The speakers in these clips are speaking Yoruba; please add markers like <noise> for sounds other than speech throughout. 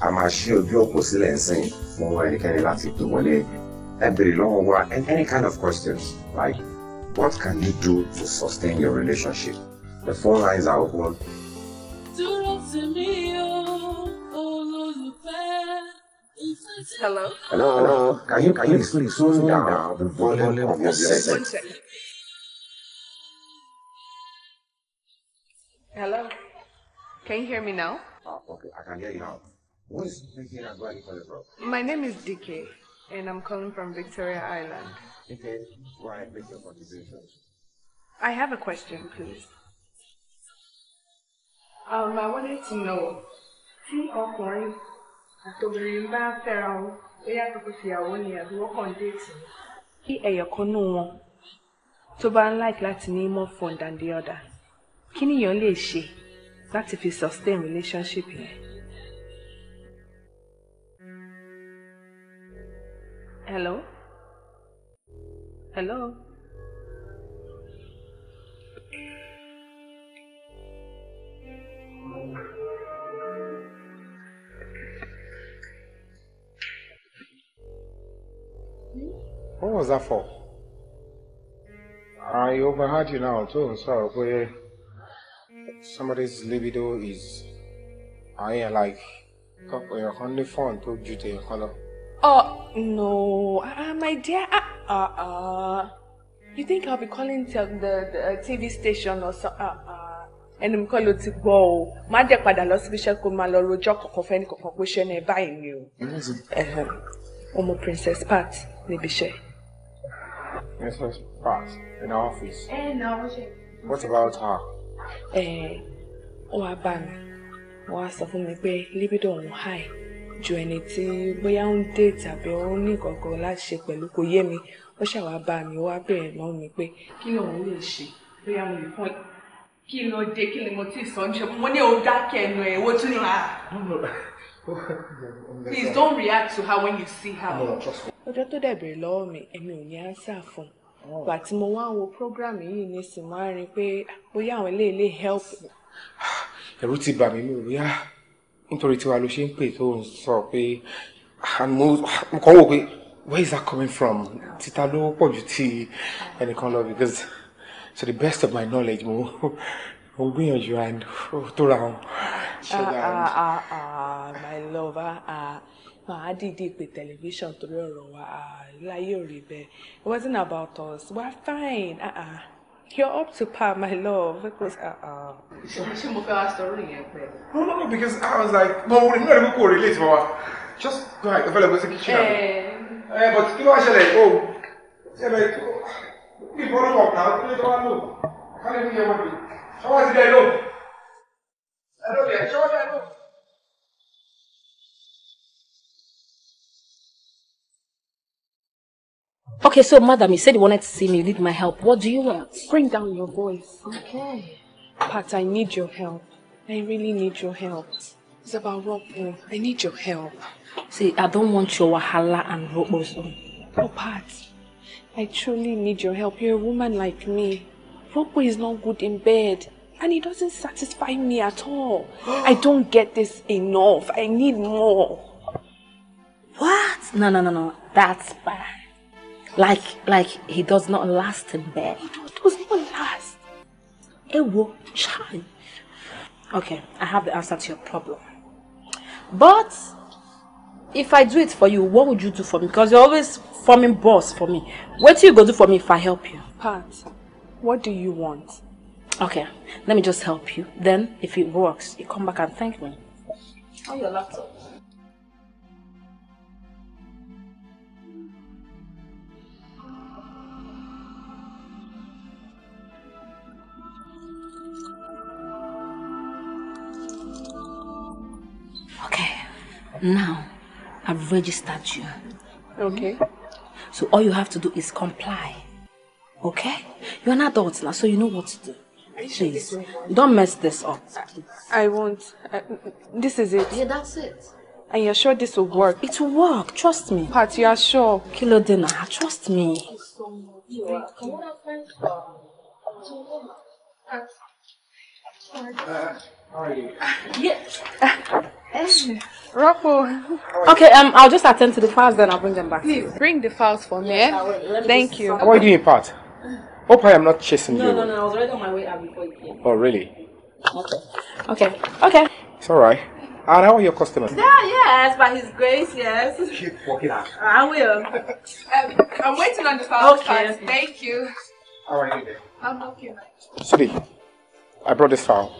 a máa ṣí ojú òpó sílẹ̀ ńsìn fún ẹnikẹ́ni láti tó wọlé ẹ béèrè lọ́wọ́ wa and any kind of questions like what can you do to sustain your relationship the phone lines are open. dúró tì mí o olólùfẹ́ hello. hello hello can you can you please slow down the volume of your settings. hello can you hear me now. Oh, okay, I can hear you now. Who is Dicky and calling from? My name is Dicky, and I'm calling from Victoria Island. Okay, why make your contribution? I have a question, please. Um, I wanted to know, tí ọkùnrin àtòbìnrin bá fẹ́ra wọn, bóyá kókó fìyàwó ni àbí wọ́n kàn déètì. Kí ẹ̀yọ̀kan nù wọn tó bá ń unlike láti ní more fun than the other, kí nìyàn lè that if fi sustain relationship yẹn? Hello? Hello? What was that for? I overheard you now too, so where eh, somebody's libido is I like on honey phone to you to your color. Oh, no. Uh, uh, my dear, uh, uh, uh. You think I'll be calling the, the uh, TV station or so? Uh, uh. ẹnu mi kọ́ ló ti gbọ́ o má dẹ̀ padà lọ síbi iṣẹ́ kó máa lọ rojọ́ kọ̀ọ̀kan fẹ́ni kọ̀ọ̀kan pé ṣẹ́ náà báyìí ni o. ọmọ princess pat níbi iṣẹ́. princess pat in our office. ẹ ẹ na ọ ṣe. what about her. ẹ eh, ẹ ó wá bá mi wọ́n á sọ fún mi pé libido òun high jọ ẹni tí bóyá ń dé tàbí ó ní kankan láti ṣe pẹ̀lú kò yé mi ó ṣàwá bá mi wá bẹ̀rẹ̀ lọ́wọ́ mi pé kí lòun lè ṣe bóyá mo lè fún ẹ kí ló dé kí ni mo ti sọ ṣe mo ní o dákẹ́ ẹnu ẹ̀ wo tún ní ra. Ah, please don't react to her when you see her. ọjọ́ tó dẹ̀ bẹ̀rẹ̀ lọ́wọ́ mi èmi ò ní ánsà fún un oh. gbà tí mo wá wo program yìí ní sì máa rin pé ah, bóyá àwọn eléyìí lè help. ẹ̀rù ti bà mí mi ò rí á. Ah nítorí tiwa ló ṣe ń pè tó ń sọ pé ah, mo kàn wò pé where is that coming from títa ló pọ̀ ju ti ẹnìkan lọ because to the best of my knowledge mo mo gbìyànjú and tó ra wọn. Ah, ah, my lover, màá dìde pé tẹlifíṣàn torí ọ̀rọ̀ wa láyé ò rí bẹ́ẹ̀ it wasn't about us we are fine. Uh -uh. You're up to par, my love. Because uh uh. Ṣé mo fẹ́ wá sọ̀rọ̀ yẹn No, no, no, because I was like, no, we're not even mi kò relate mọ́ Just go ahead, ọ̀fẹ́ lọ bó ṣe kitchen. Eh, but kí ló wá ṣẹlẹ̀ o? Oh, ṣé ẹ bẹ̀rẹ̀ kí follow up náà kí ló tó wá lò? Kálí mi yẹ wọ́n mi. Ṣé wọ́n ti dẹ́ lò? Ẹ lóye, ṣé wọ́n dẹ́ Okay, so madam, you said you wanted to see me, you need my help. What do you want? Bring down your voice. Okay. Pat, I need your help. I really need your help. It's about Robo. I need your help. See, I don't want your wahala and Robo's own. Oh, Pat, I truly need your help. You're a woman like me. Robo is not good in bed. And it doesn't satisfy me at all. <gasps> I don't get this enough. I need more. What? No, no, no, no. That's bad. like like he does not last in bed. He does not last. Ewo, child. Okay, I have the answer to your problem. But if I do it for you, what would you do for me? Because you're always forming boss for me. What do you go do for me if I help you? Pat, what do you want? Okay, let me just help you. Then, if it works, you come back and thank me. Oh, your laptop. Okay. Now, I've registered you. Okay. So all you have to do is comply. Okay? You're an adult now, so you know what to do. Please, don't mess this up. Please. I won't. I, uh, this is it. Yeah, that's it. And you're sure this will work? It will work. Trust me. Pat, you are sure. Kilo dinner. Trust me. Uh, How are you? Yes. Rocco. Okay, um, I'll just attend to the files, then I'll bring them back. Please bring the files for me. Eh? Yes, Thank you. Why are you doing, part? Hope I am not chasing no, you. No, no, no. I was already on my way out before you came. Oh, really? Okay. Okay. Okay. It's all right. And how are your customers? Yeah, yes, by His grace, yes. Keep walking out. I will. <laughs> um, I'm waiting on the files. Okay. Thank you. How are you doing? I'm okay. Sweetie, I brought this file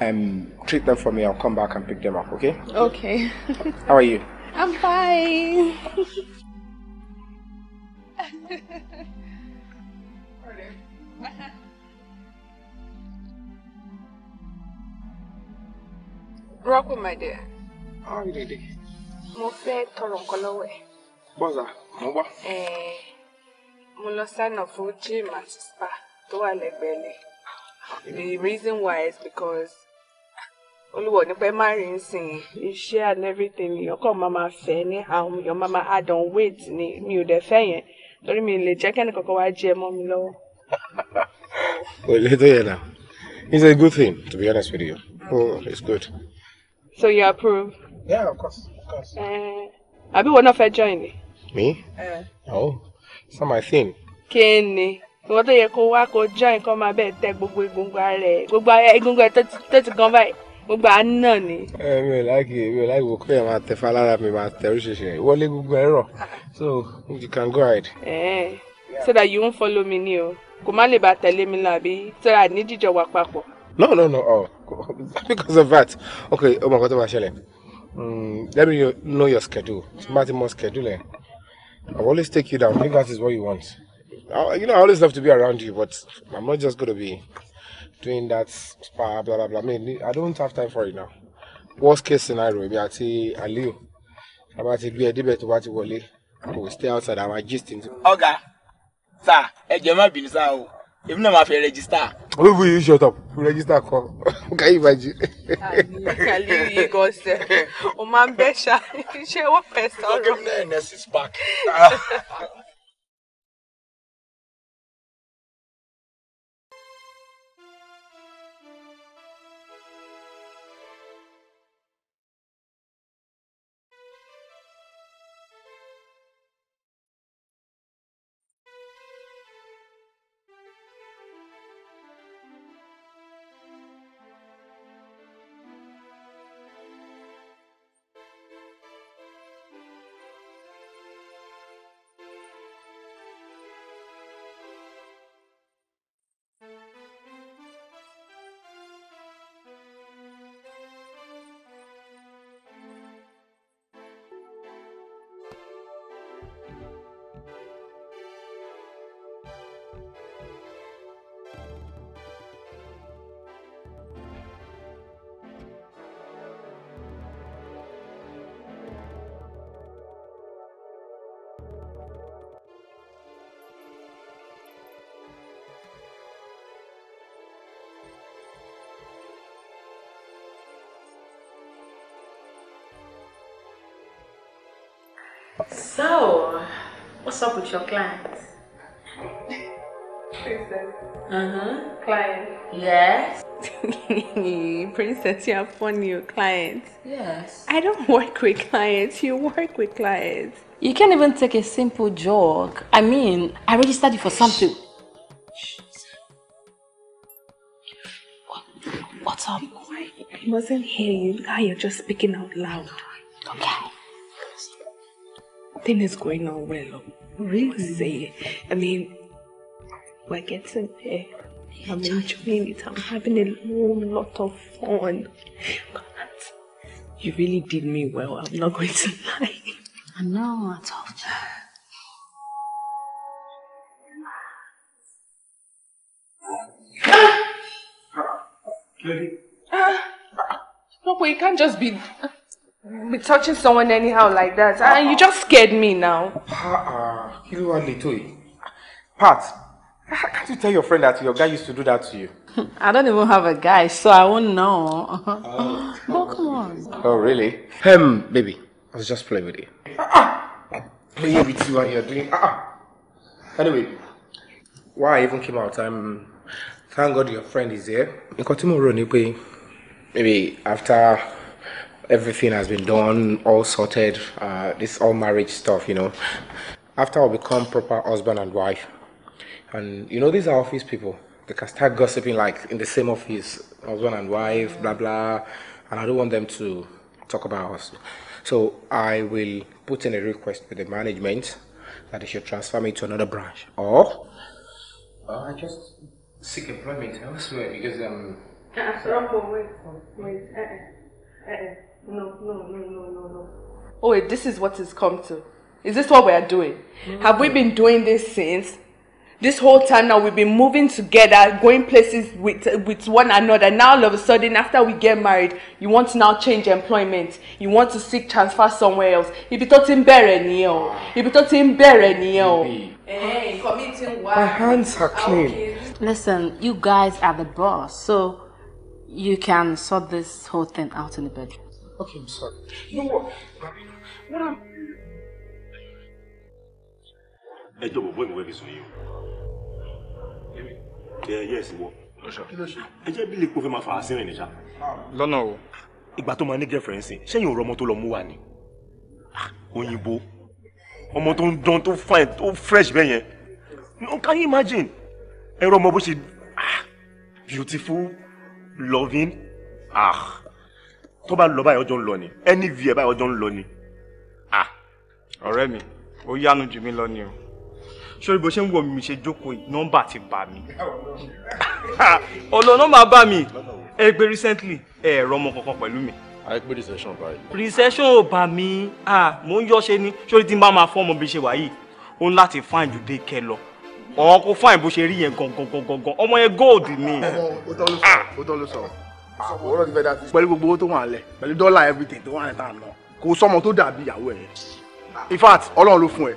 um, treat them for me. I'll come back and pick them up, okay? Okay. <laughs> How are you? I'm fine. Rocko, my dear. How are you doing? Mo fẹ́ tọrọ nǹkan lọ́wọ́ ẹ̀. Bọ́sà, mo wá. Mo lọ sign up fún gym àti spa tó wà lẹ́gbẹ̀ẹ́ lẹ́yìn. The reason why is because Olúwo ní pé má rí ń sìn iṣẹ́ and everything èèyàn kàn máa ma fẹ́ ní àwọn èèyàn máa ma add on weight ni mi ò dẹ̀ fẹ́ yẹn torí mi lè jẹ́ kẹ́ni kankan wá jẹ mọ́ mi lọ́wọ́. Kò lè tó yẹn náà it's a good thing to be honest with you oh it's good. So you approve? Yeah of course of course. Eh, àbí wọn náà fẹ́ join ni. Me? Eh. Oh, some not my thing. Kí ni? nǹkan tó yẹ kó wá kó join kó máa bẹ́ẹ̀ tẹ gbogbo egungun ara ẹ̀ gbogbo egungun ẹ̀ tó ti gan báyìí gbogbo àánú náà ni. mi ò láìkì mi ò láìwò kó yẹ máa tẹ falára mi máa tẹ oríṣiríṣi rẹ wọlé gbogbo ẹ rọ so you can go ahead. so that you won't follow me ni o kò má lè bá tẹ̀lé mi lọ àbí so that ní jíjọ wà papọ̀. no no no oh <laughs> because of that okay ọmọ nǹkan tó máa ṣẹlẹ̀ mm, let me know your schedule tí n bá ti mọ schedule ẹ i will always take you down if that is what you want. I, you know, I always love to be around you, but I'm not just gonna be doing that spa, blah blah blah. I mean, I don't have time for it now. Worst case scenario, maybe I see Aliu. I'm about to be a debate about Wole. I We stay outside. I'm adjusting. Ọ̀gá, sir, ẹ jọ̀ọ́ má bínú sir o. Èmi náà máa fẹ́ register. Wait, will you shut up? Register call. <laughs> Can you imagine? Kàlí ìgọ̀sẹ̀, o máa Oh my, ṣá. <laughs> Ṣé wọ́n fẹ́ sọ̀rọ̀? Ọ̀gá give náà ẹ̀ nẹ́sí spark. So, what's up with your clients? Princess. Uh-huh. Client. Yes. Princess, you are one new clients. Yes. I don't work with clients. You work with clients. You can't even take a simple joke. I mean, I registered you for something. What, what's up? I wasn't hearing you. Now you're just speaking out loud. Okay something is going on well. Really? Say, I mean, we're getting there. I'm enjoying it. I'm having a whole lot of fun. But you really did me well. I'm not going to lie. I know, I told you. Ah! Ah! No, but you can't just be. be touching someone anyhow like that. Uh, ah, and you just scared me now. Ah, kí ló wá le Pat, can't you tell your friend that your guy used to do that to you? I don't even have a guy, so I won't know. Oh, oh come on. Oh, really? Um, baby, I was just playing with you. Ah, ah. Playing with you while you're doing. Ah, ah. Anyway, why I even came out, I'm. Thank God your friend is here. Nǹkan tí mo rò maybe after everything has been done, all sorted. Uh, this all marriage stuff, you know. After I become proper husband and wife, and you know these are office people. They can start gossiping like in the same office, husband and wife, blah blah. And I don't want them to talk about us. So I will put in a request with the management that they should transfer me to another branch, or uh, I just seek employment <laughs> elsewhere because um. Uh, so, wait, wait, uh, uh, uh. No, no, no, no, no, no. Oh, wait, this is what it's come to. Is this what we are doing? Mm-hmm. Have we been doing this since? This whole time now we've been moving together, going places with with one another. Now all of a sudden, after we get married, you want to now change employment. You want to seek transfer somewhere else. If tó ti in bẹ̀rẹ̀ if o. Ibi in ti Hey, committing work. My hands are ah, clean. Listen, you guys are the boss, so you can sort this whole thing out in the bedroom. Okay, I'm sorry. You know what? What am I? Ẹjọ́ bọ̀bọ́ ìwé mi sọ yìí o. Ẹ yẹ ẹ̀sìn wọ. Ẹ jẹ́ bí lè kó fẹ́ máa fà á sínú ìníṣà. Lọ́nà o. Ìgbà tó máa ní girlfriend sí, ṣẹ́yìn ò rọmọ tó lọ mú wa ni. Ah, òyìnbó. Ọmọ fresh bẹ́ẹ̀ No, can you imagine? Ẹ̀rọ ọmọ ah, beautiful loving ah tó bá lọ báyìí ọjọ́ ń lọ ni ẹni vi ẹ̀ báyìí ọjọ́ ń lọ ni. Ah, ọ̀rẹ́ mi ó yánu jù mí lọ ni o sórí bó ṣe ń wọ mi ṣe jókòó yìí nọ́mbà ti bà mí <laughs> ọ̀nà nọ́mbà bá mi ẹ gbé recently ẹ ẹ̀rọ ọmọ kankan pẹ̀lú mi. a gbé recession báyìí. recession ò bà mí ah, mò ń yọ ṣe ni sórí tí n bá máa fọ́ ọmọ bí ṣe wà yìí ó ń láti fáìn ju dé kẹ lọ ọ̀hún kó fáìn bó ṣe rí yẹn gangan gangan ọmọ yẹn gold ni. o <laughs> tọ́ ló sọ o tọ́ ló sọ àwòrán ti fẹ́ dá sí. pẹ̀lú gbogbo owó tó wà lẹ̀ pẹ̀lú dọ́là everything tó wà lẹ̀ tá a nà kò sọmọ tó dàbí ìyàwó ẹ̀ in fact ọlọ́run ló fún ẹ.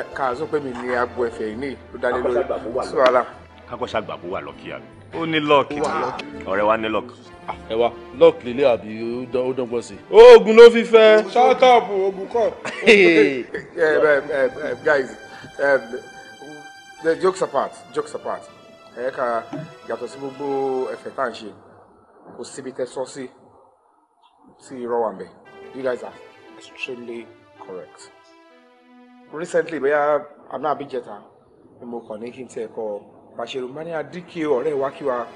ẹ kà sọ pé mi ní agbo ẹ̀fẹ̀ ìní tó dá lé lórí sí wàhálà. kákọ́sá gbàgbó wà lọ́kì àbí. ó ní lọ́ọ̀kì ọ̀rẹ́ wa ní lọ́ọ̀kì. Ah, ẹ wa lọ́ọ̀kì lélẹ̀ àbí ó dọ́gbọ́n sí. oògùn ló fi fẹ́. ṣọ́tọ̀ọ̀bù oògùn kọ́. <laughs> Uh, uh, guys um, jokes apart jokes apart ẹ̀ka yàtọ̀ sí gbogbo ẹ̀fẹ̀ tá à ń ṣe kò síbi tẹ sọ sí tí irọ́ you guys are extremely correct. recently bóyá àná not ni mo kàn connecting to a call. But she, mo ní adíkè ọ̀rẹ́ wa kí wa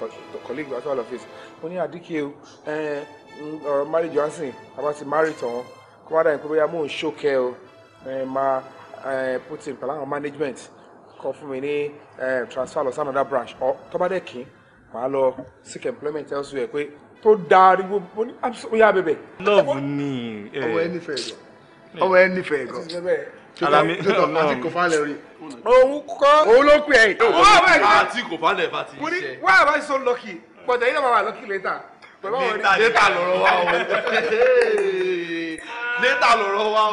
colleague wa tó wà lọ́fíìsì mo ní adíkè eh, ọ̀rọ̀ mary johnson àbá ti marry tán kó má dàbí pé bóyá mò ń ṣókẹ́ o máa put in pẹ̀lú àwọn management kan fún eh, transfer lọ sí another branch tọ́ba dẹ̀ kín màá lọ seek employment elsewhere pé tó dárí gbogbo ní àbísọ̀yà bẹ̀bẹ̀. love ni eh. ọwọ́ eh. ẹ nífẹ̀ẹ́ gan ọwọ́ ẹ nífẹ̀ẹ́ gan alami ọlọ́run àti kò falẹ rí. òun kọ́ òun ló pè é. wọ́n bá yìí àti kò falẹ bá ti ṣe. wọ́n bá yìí so lucky but ẹ̀yin náà máa wà lucky later. later later lọ́rọ̀ wa o <laughs> later lọ́rọ̀ wa o.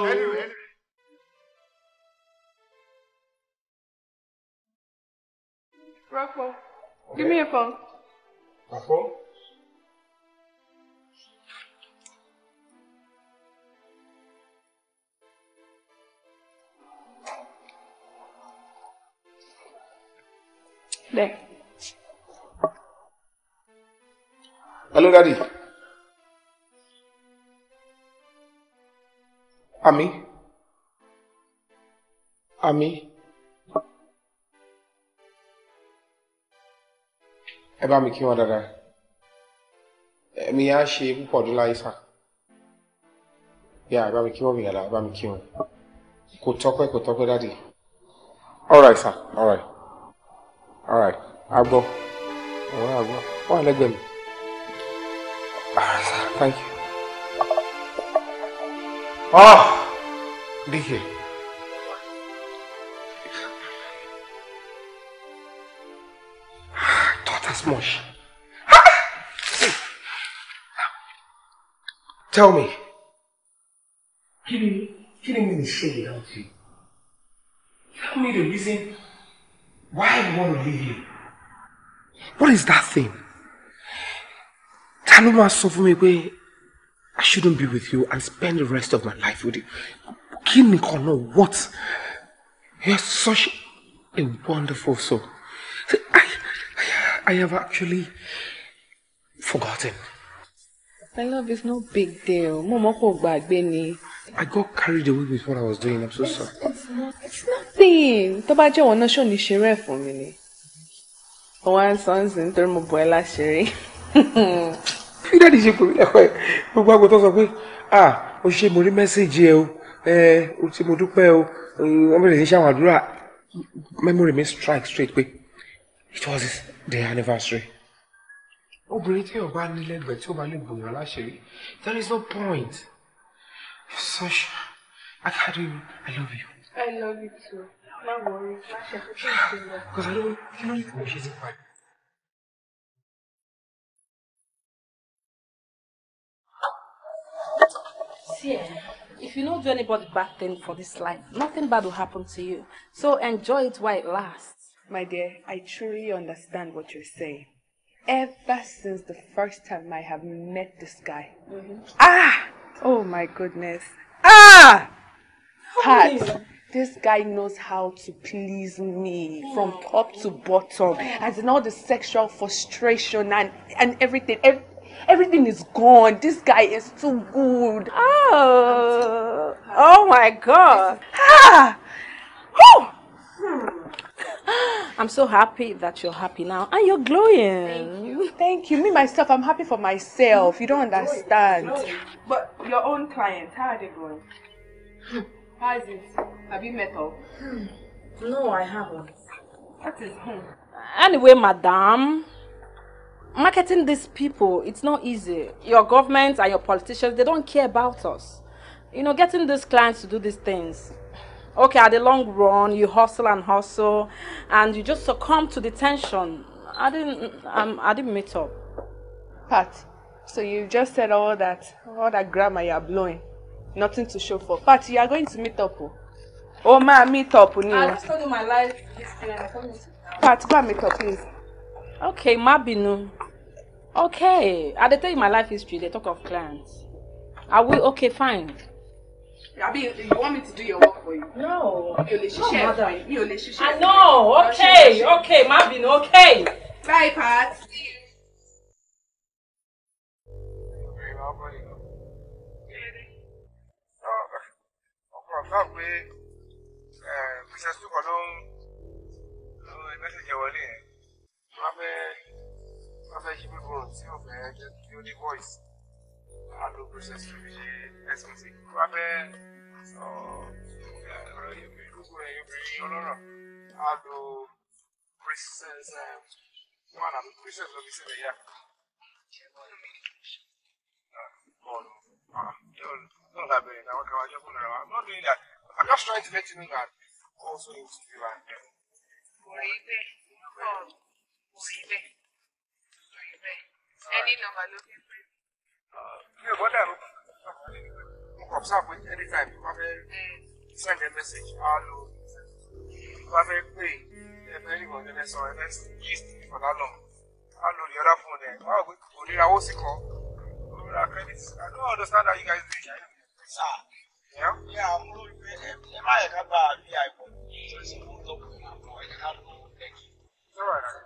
Rockwell, give me your phone. Ajá. There. Hello, Daddy. Ami. Ami. ẹ bá mi kí wọn dáadáa ẹ̀mí á ṣe púpọ̀ ọdún láyé sá yà ẹ bá mi kí wọn mi dáadáa ẹ bá mi kí wọn kò tọ́pẹ́ kò tọ́pẹ́ dáàdì all right sir all right all right agbọ́ ọ̀rọ̀ mi ah, thank you. Oh, ah, be much? Tell me. Killing, killing me is shame without you. Tell me the reason why I want to leave you. What is that thing? Ta ló máa sọ fún I shouldn't be with you and spend the rest of my life with you. Kí ni kan what? You're such a wonderful soul. See, I have actually forgotten. My love, is no big deal. Mama gbàgbé ni. I got carried away with what I was doing. I'm so it's, sorry. It's, not, it's nothing. Tó bá jẹ́ wọn náà ṣòní ṣeré fún sons ń torí mo bọ̀ ẹ́ láṣẹrí. <laughs> Bí dáàdi ṣe pè mí lẹ́kọ̀ọ́ ẹ̀, gbogbo àgbo tó sọ ah, o ṣe mo rí mẹ́sẹ̀gì ẹ o, ẹ o ti mo dúpẹ́ o, wọ́n bẹ̀rẹ̀ Memory may strike straight pé it was The anniversary. obìnrin tí ọba nílẹ̀gbẹ̀ẹ́ tí ó bá lè gbòyàn láṣìírí there is no point. you're such a akadu i love you. i love you too. má wọrí má ṣe fún kí n ṣe lọ. i don't kí ló ní kí n ṣe ti pa. See, eh, if you don't do anybody bad thing for this life, nothing bad will happen to you. So enjoy it while it lasts. My dear, I truly understand what you're saying. Ever since the first time I have met this guy. Mm -hmm. Ah! Oh my goodness. Ah! Pat, this guy knows how to please me oh. from top to bottom. As in all the sexual frustration and, and everything. Ev everything is gone. This guy is too good. Oh, oh my God. Ah! Oh! <gasps> I'm so happy that you're happy now and you're glowing. Thank you. Thank you. Me myself, I'm happy for myself. You don't understand. Glowing. But your own client, how are they going? Hmm. How is it? Have you met up? Hmm. No, I haven't. That is home. Anyway, madam, marketing these people, it's not easy. Your government and your politicians, they don't care about us. You know, getting these clients to do these things, okay at the long run you hustle and hustle and you just succumb to the tension i didn't um, i didn't meet up pat so you just said all that all that grammar you are blowing nothing to show for pat you are going to meet up oh, oh ma meet up ni i just told you my life experience pat go and meet up please okay má bínú okay i dey tell you my life history they talk of clients are we okay fine Abi, you want me to do your work for you? No. You let lè ṣiṣẹ́. No, mother. Mi ò I know. Okay, okay, Marvin. okay. Bye, Pat. voice handle process to be ẹsẹ̀nsì wàbẹ́ ọ̀rọ̀ ìdúgbò ẹ̀yẹ obìnrin ọlọ́rọ̀ àdó process wọn um, àdó process lọ́bí sílẹ̀ yá. Bọ́ọ̀lù náà lábẹ́ ìdáwọ́ kan wájú fún ara wa not doing that I'm just trying to let you know that also into the land. Wọ̀nyí bẹ́ẹ̀, wọ̀nyí bẹ́ẹ̀, wọ̀nyí bẹ́ẹ̀, ẹni nọmba ló fi. You ò bọ́dà mo observe fún àpò anytime tó bá fẹ́ send a message Hello. lo tó bá fẹ́ pè é fẹ́ rí ìwọ̀n ẹ̀fẹ́ sọ for that long Hello, the other phone ẹ̀ wá òwe kò nira owó sí kọ́ òwúrọ̀ credit I don't understand how you guys dey. Sir, yeah, Yeah. I'm lórí pé Am eh, I yẹ ká bá a it's a good ṣe I'm going to have àpò ẹ̀ka ló All right.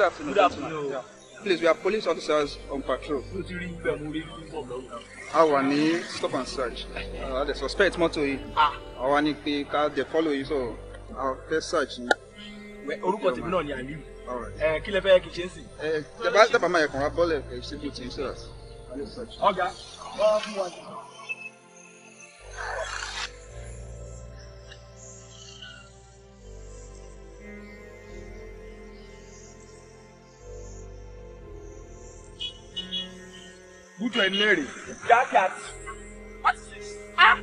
good afternoon. Good afternoon. Yeah. Please, we are police officers on patrol. A wà ní stop and search. Uh, the suspect mọ́tò yìí. Ah. A wà ní they follow you, so a first search yìí. Orúkọ tèmi náà ni Aliu. Kí lẹ fẹ́ kí n ṣe ń sìn? Dábàá eh, máa yẹ kàn wá bọ́ọ̀lù ẹ̀ ṣe bí o ti ń sọ̀rọ̀. jọ ẹni lẹ́rìí. Jacket. What is this? Ah.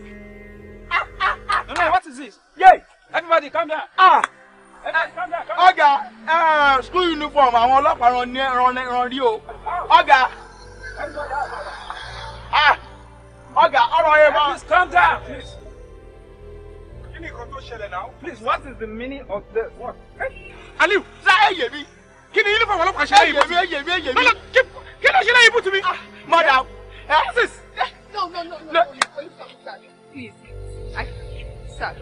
<laughs> what is this? Yay! Everybody calm down. Ah! ọ̀gá eh, school uniform àwọn ọlọ́pàá ran ní ẹran rí o ọ̀gá ọ̀gá ah. ọ̀rọ̀ yẹn bá. please calm down. kí ni nǹkan tó ṣẹlẹ̀ náà. please what is the meaning of the what. aliu sa ẹ yẹ mi kí ni uniform ọlọ́pàá ṣẹlẹ̀ yìí bùtù mi. ẹ yẹ mi ẹ yẹ mi. kí ló ṣẹlẹ̀ yìí bùtù mi. Ah. Madam, eh, sis. No, no, no, no, no. Sir, please. I, sir,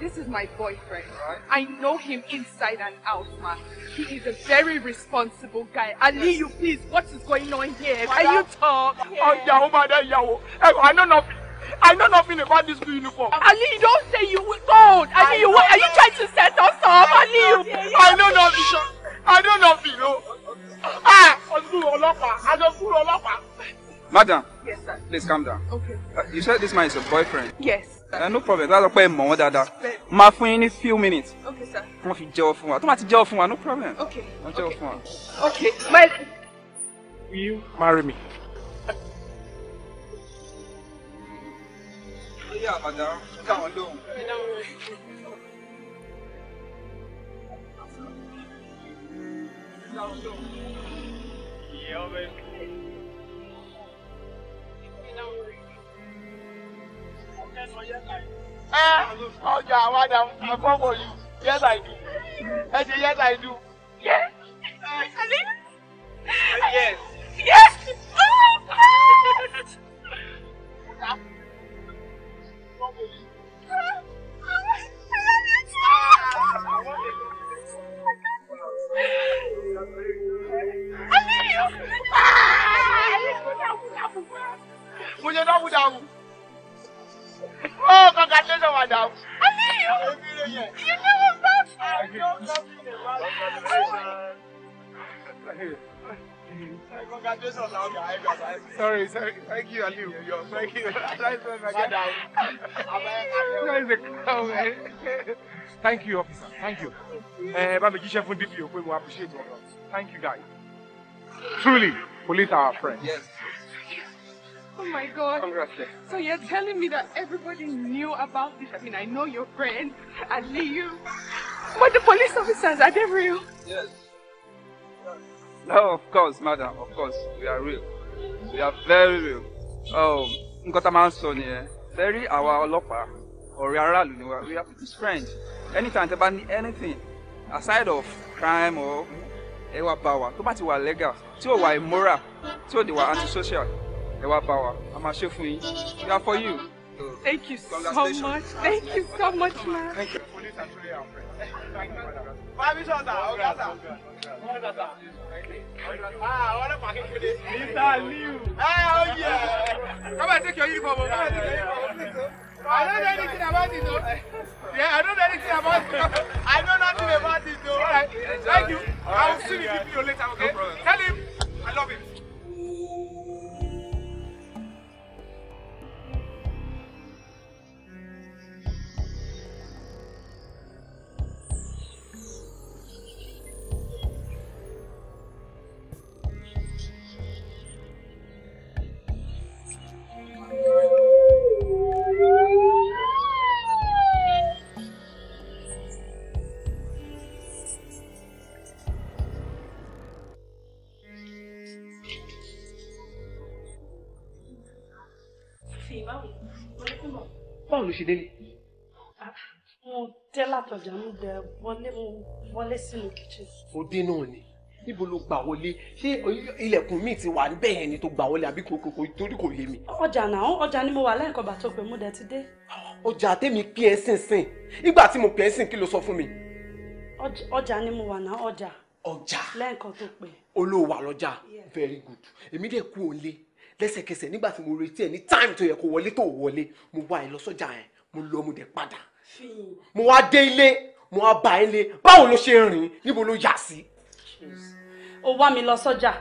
this is my boyfriend. Right. I know him inside and out, ma. He is a very responsible guy. Ali, you please, what is going on here? Madam. Can you talk? Oh, yeah, madam, yeah. I know nothing. I know nothing about this school uniform. Ali, don't say you will go. Ali, you, are you trying to set us up? Ali, you. I know nothing. I know nothing. No. Ah. Madam, yes, sir. please calm down. Okay. Uh, you said this man is your boyfriend? Yes. Uh, no problem, that's okay, mọ̀ wọ́n My phone fún yín few minutes. Okay, sir. Come fi jẹ́wọ́ fún wa. Tó máa ti jẹ́wọ́ fún no problem. Okay. Okay. jẹ́wọ́ Okay, my... Will you marry me? Oh, yeah, madam. Come on, don't. Come on, don't. Eh, oh, yeah, madam, I come for you. Yes, I do. I say, yes, I do. Yes. Uh, yes. Yes. Oh, God. I come for you. I love you too. Sorry, sorry. Thank you, Aliu. Thank you. Thank you, officer. Thank you. Ẹ eh, bá mi jíṣẹ́ fún DPO pé mo appreciate wọn. Thank you guys. Truly, police are our friends. Yes. Oh my God. Congrats. So you're telling me that everybody knew about this? I mean, I know your friend, and you. But the police officers, are they real? Yes. No, of course, madam. Of course, we are real. We are very real. Oh, Ngotaman's son here. Very our ọlọ́pàá. Or aráàlú ni We are his friends. Anytime they ban anything, aside of crime or ẹ wá bá wa tó bá ti wà legal tí ò wà immoral tí ò dé wà antisocial ẹ wá bá wa a máa ṣe fún yín we are for you. thank you so much thank you so much ma. Ah, ah, oh yeah! Come and take your uniform. Come and take your uniform. I don't know anything about it though. Yeah, I don't know anything about it. I know nothing about it though. Alright, thank you. I will see you later, okay? Tell him I love him. ló ṣe délé. mo dé látọjà mo dé wọlé mo wọlé sínú kitchen. o dé náà ni níbo ló gbà wọlé ṣé ilẹ̀kùn míì ti wà níbẹ̀ yẹn ni tó gbà wọlé àbí kòkòkò torí kò yé mi. ọjà náà ọjà ni mo wà lẹ́ẹ̀kan bàtọ́ pé mo dẹ̀ ti dé. ọjà tèmi pín ẹ sínsìn ìgbà tí mo pín ẹ sìn kí ló sọ fún mi. ọjà ni mo wà náà ọjà. ọjà lẹ́ẹ̀kan tó pé. olówó wà lọ́jà very good èmi dẹ̀ kú òun lé lẹ́sẹ̀kẹsẹ̀ nígbà tí mo retí ẹ ní time tó yẹ kó wọlé tó wọlé mo wá ẹ lọ sọ́jà ẹ mo lọ mo dẹ̀ padà mo wá dé ilé mo wá bá ẹ lé báwo ló ṣe rìn níbo ló yà sí. ó wá mi lọ sọ́jà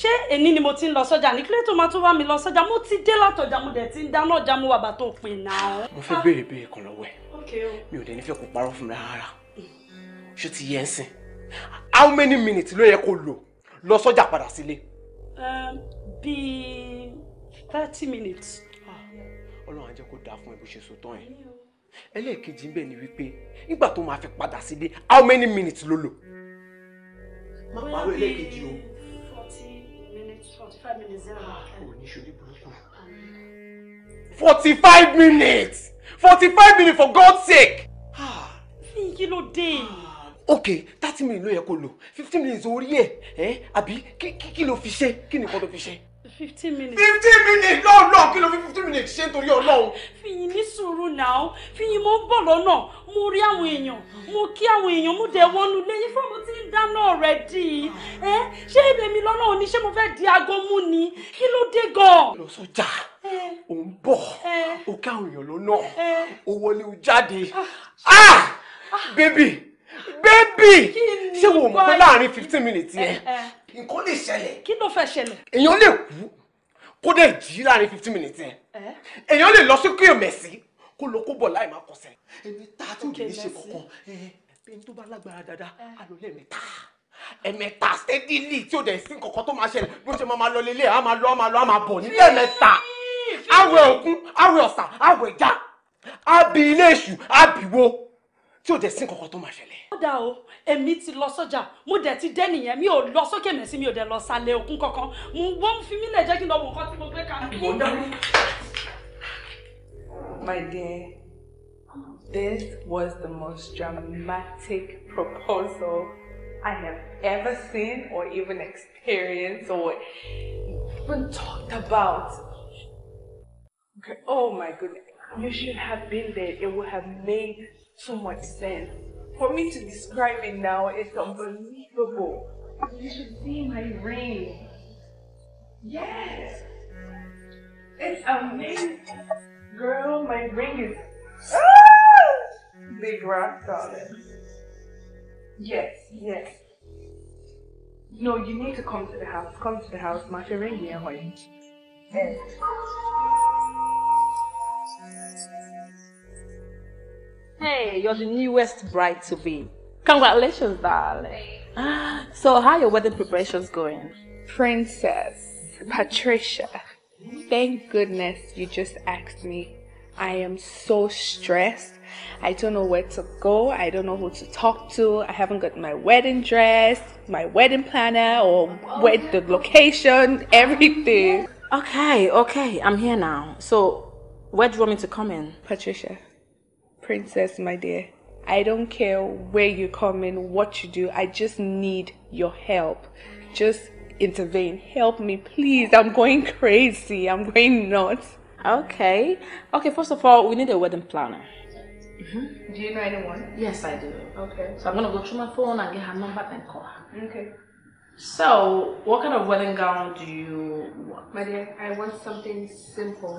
ṣé èní ni mo ti ń lọ sọ́jà ní kílẹ̀ tó máa tún wá mi lọ sọ́jà mo ti dé látọjà mo dẹ̀ ti ń dáná ọjà mo wà bá tó pè náà. mo fẹ́ béèrè béèrè kan lọ́wọ́ ẹ̀ mi ò dẹ̀ nífẹ̀ẹ́ kó parọ́ fún mi rárá ṣó ti yẹ ń sìn how many minutes ló yẹ kó lò lọ sọ́jà padà sílé bíi thirty minutes. Ah, ọlọ́run á jẹ́ kó dáa fún ẹ bó ṣe so tán ẹ̀ ẹlẹ́ẹ̀kejì bẹ́ẹ̀ ni wípé nígbà tó máa fi padà sílé how many minutes ló lò. má parọ́ ẹlẹ́ẹ̀kejì o. forty minutes forty five minutes forty five minutes ah, forty five minutes for God's sake. Ah, ní kí ló dé yìí ok thirty minutes ló yẹ kó lò fifteen minutes orí ẹ ẹ àbí kí kí ló fi ṣe kí ni nǹkan tó fi ṣe fifteen minutes. fifteen minutes No, no. kí ló fi fifteen minutes ṣe nítorí ọlọ́run. fìyìn ní sùúrù náà fìyìn mo ń bọ̀ lọ́nà mo rí àwọn èèyàn mo kí àwọn èèyàn mo dẹ̀ wọnú lẹ́yìn fún mo ti ń dáná rẹ̀ dì í. ẹ ṣé ibè mi lọ́nà òní ṣé mo fẹ́ di aago mú ni kí ló dé gan-an. lọ sọjà ò ń bọ̀ ah. Ah! ah baby, baby. ṣé wò ó mọ̀ pé láàrin fifteen minutes eh? nǹkan lè ṣẹlẹ̀. kí ló fẹ́ ṣẹlẹ̀. èèyàn lè kú kó dẹ̀ jí láàrin fifteen minutes yẹn èèyàn lè lọ sí kí èèyàn mẹ̀sí kó lọ kó bọ̀ láì máa kọsẹ̀. èmi tá a tún kì í ṣe kankan ẹni tó bá lágbára dáadáa àlọ́lẹ̀ mẹ́ta ẹ̀mẹ́ta steadily tí ò dẹ̀ sí kankan tó máa ṣẹlẹ̀ bí ó ṣe máa lọ lélẹ̀ á máa lọ á máa lọ á máa bọ̀ nílẹ̀ mẹ́ta àwẹ̀ òkun àwẹ̀ ọ̀sà àwẹ̀ já àbí ilé èṣù àbíwó tí ò dẹ̀ sí nǹkan tó máa ṣẹlẹ̀. ó dáa o èmi ti lọ sọ́jà mo dẹ̀ ti dé nìyẹn mi ò lọ sókè mẹ́sì mi ò dẹ̀ lọ sàlẹ̀ òkun kankan mo wọ́n fi mí lẹ̀ jẹ́ kí n lọ wọ nǹkan tí mo gbé ká. mo dárí. My dear, this was the most dramatic proposal I have ever seen or even experienced or even talked about. Okay. Oh my goodness. You should have been there. It would have made so much sense. For me to describe it now is unbelievable. You should see my ring. Yes. It's amazing. Girl, my ring is big rock solid. Yes, yes. No, you need to come to the house. Come to the house. My ring here, honey. Yes. Hey, you're the newest bride to be. Congratulations, darling. <gasps> So, how are your wedding preparations going? Princess Patricia, thank goodness you just asked me. I am so stressed. I don't know where to go. I don't know who to talk to. I haven't got my wedding dress, my wedding planner, or where the location, everything. Okay, okay, I'm here now. So, where do you want me to come in? Patricia, Princess, my dear, I don't care where you come in, what you do, I just need your help. Just intervene. Help me, please. I'm going <laughs> crazy. I'm going nuts. Okay. Okay, first of all, we need a wedding planner. Mm -hmm. Do you know anyone? Yes, I do. Okay. So I'm going to go through my phone and get her number and call her. Okay. So, what kind of wedding gown do you want? My dear, I want something simple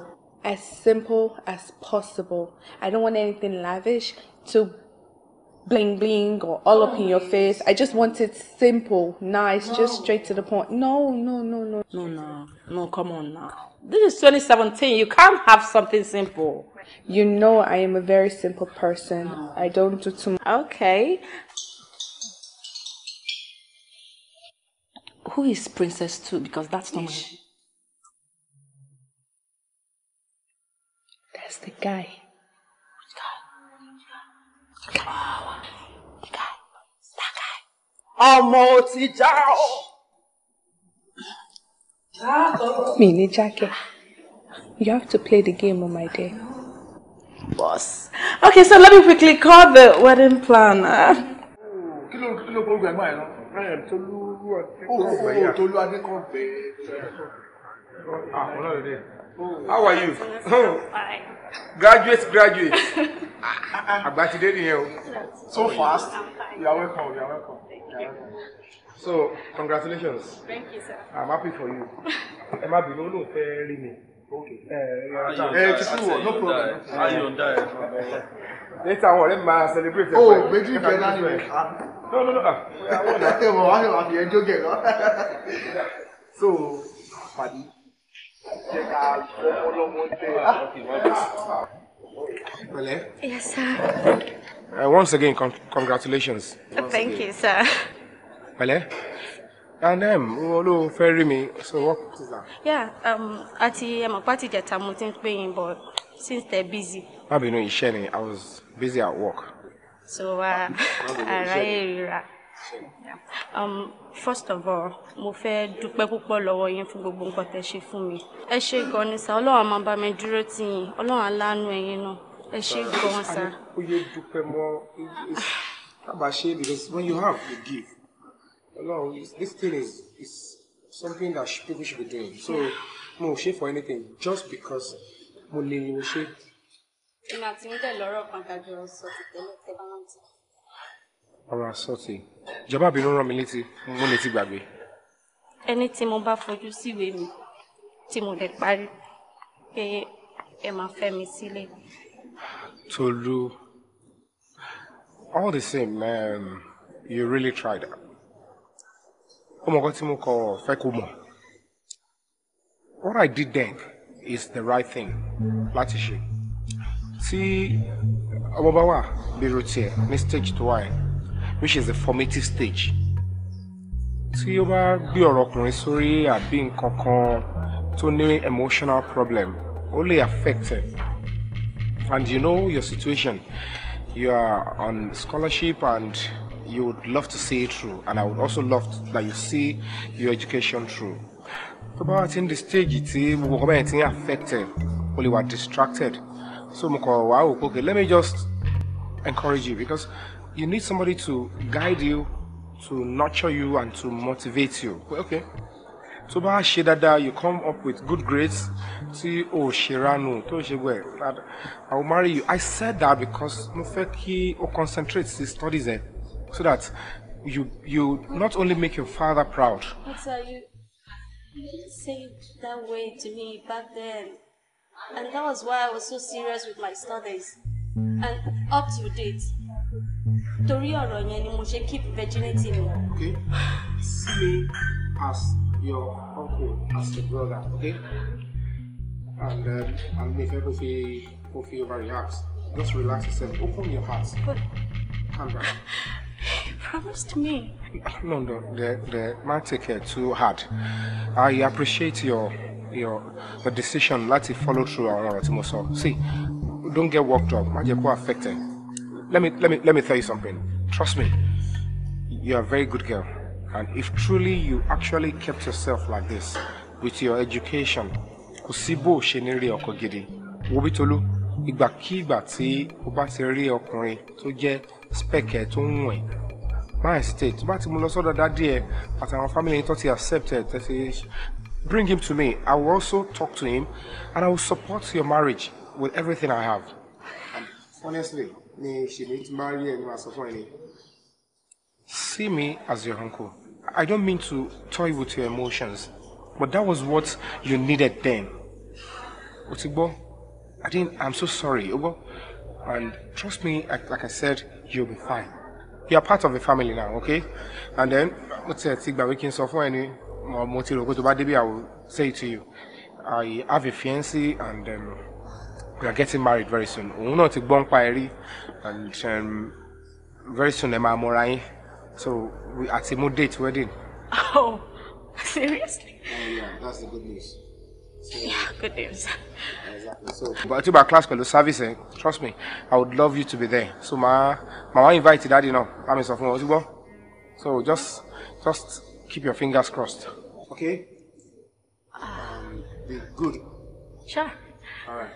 as simple as possible. I don't want anything lavish to bling bling or all up in your face. I just want it simple, nice, no. just straight to the point. No, no, no, no. No, no. No, come on now. This is 2017. You can't have something simple. You know I am a very simple person. No. I don't do too much. Okay. Who is Princess 2? Because that's not me. That's the guy. Which guy? Which guy? Wow. The guy. That guy. Ọmọ ò ti já ọ. Mi ní jákè. You have to play the game on oh my day. Boss. Okay, so let me quickly call the wedding planner. Kí ló kí ló kó gbàgbọ́ àìlọ́? Tolú Adékọ̀bẹ́. Oh, oh, Tolú Adékọ̀bẹ́. Àwọn ah, ọ̀rẹ́ rẹ̀ how are you oh, graduate graduate <laughs> àgbà ti dé nìyẹn so fast you are welcome you are welcome so congratulations thank you sir i'm happy for you Am <laughs> má bínú no, fẹ́ me. Okay. Uh, uh, kú no problem. later àwọn ọ̀rẹ́ mi máa celebrate ẹ̀ oh, pẹ̀lú. o méjì bẹ́ẹ̀ náà anyway. no no no I want to wá ní wàá fi ẹjọ́ gẹ̀ lọ. so pàdé. Yes, sir. Uh, once again, con congratulations. Uh, thank you, sir. Really? And um, Olu fẹ́ rí mi, so what is that? Yeah, um, àti ẹ̀mọ̀ party ìjẹta mo ti ń but since they're busy. maybe no iṣẹ́ I was busy at work. So, uh, àráyé <laughs> Um, first of all mo fẹ́ dúpẹ́ púpọ̀ lọ́wọ́ yín fún gbogbo nǹkan tẹ́ ṣe fún mi ẹ ṣe gan ni sá ọlọ́run máa bá mi dúró tì yín ọlọ́run aláàánú ẹ̀yin náà ẹ ṣe gan sá. ó yẹ dúpẹ́ mọ́ tábà ṣe because when you have you give ọlọ́run this thing is is something that people should be doing so mo ò ṣe for anything just because mo lè mo ṣe. ìmọ̀ àti ń dẹ̀ lọ́rọ̀ kan tàbí ọ̀rọ̀ sọ́ọ̀tì tẹ́ bá wọn ti. ọ̀rọ̀ àsọ̀tì ìjọba àbínú rán mi létí mo lè ti gbàgbé. ẹni tí mo bá fojú síwèé mi tí mo lè parí pé ẹ máa fẹ́ mi sílé. Tolu all the same um, you really tried ọmọ kan tí mo kọ fẹ́ kó mọ̀ what I did then is the right thing láti ṣe tí ọmọ bá wà bí irú tiẹ̀ ní stage tó wà yẹn which is the formative stage tí ó bá gbé ọ̀rọ̀ ọkùnrin sórí àbí nǹkan kan tó ní emotional problem ó lè affect ẹ and you know your situation you are on scholarship and you would love to see it through and I would also love to, that you see your education through tó bá wà tí ń di stage tí gbogbo ọkọ bẹ́ẹ̀ ti ń affected o lè wà distracted so mo kàn wá òkú okay let me just encourage you because you need somebody to guide you to nurture you and to motivate you. okay. tó bá ṣe dáadáa you come up with good grades tí o ṣe ranu tó ṣe wẹ̀ i will marry you i said that because mo fẹ́ kí o concentrate sí studies ẹ so that you you not only make your father proud. but uh, you You say that way to me back then and that was why i was so serious with my studies and up to date torí ọ̀rọ̀ yẹn ni mo ṣe keep virginity mi. okay see me as your uncle as your brother okay and then, um, and if ever you go fi overreact just relax yourself open your heart calm down. you <laughs> promised me. <laughs> no no the the man take it too hard i appreciate your your your decision it follow through àwọn ọ̀rọ̀ tí see don't get worked up má jẹ́ kó affected let me let me let me tell you something. Trust me, you're a very good girl, and if truly you actually kept yourself like this, with your education, kò sí bó gidi. Wobitolu, ìgbàkigbà tí o bá ti rí ọkùnrin tó jẹ́ spẹkẹ tó ń my state but bá ti mú that sọ́dọ̀ dádì ẹ àtàwọn family thought he accepted. ẹ tẹsí bring him to me i will also talk to him and i will support your marriage with everything i have and honestly ni ṣèmi tí máa rí See me as your uncle. I don't mean to toy with your emotions, but that was what you needed then. Otigbo, I didn't. I'm so sorry, Ogo. And trust me, like I said, you'll be fine. You are part of the family now, okay? And then, what's a thing by waking so for any more motive? Go to bad baby, I will say it to you. I have a fiancé and um, we are getting married very soon òun náà ti gbọ́n pa ẹ rí and um, very soon ẹ máa mọra yín so we àti mú date wedding. <laughs> oh seriously. Uh, yeah that's the good news. yeah good news. Exactly. So, but about class pẹ̀lú service eh, trust me I would love you to be there so ma ma wa invite daddy náà bá mi sọ fún wọn ṣùgbọ́n so just just keep your fingers crossed. okay. Ah. Um, be good. sure. all right.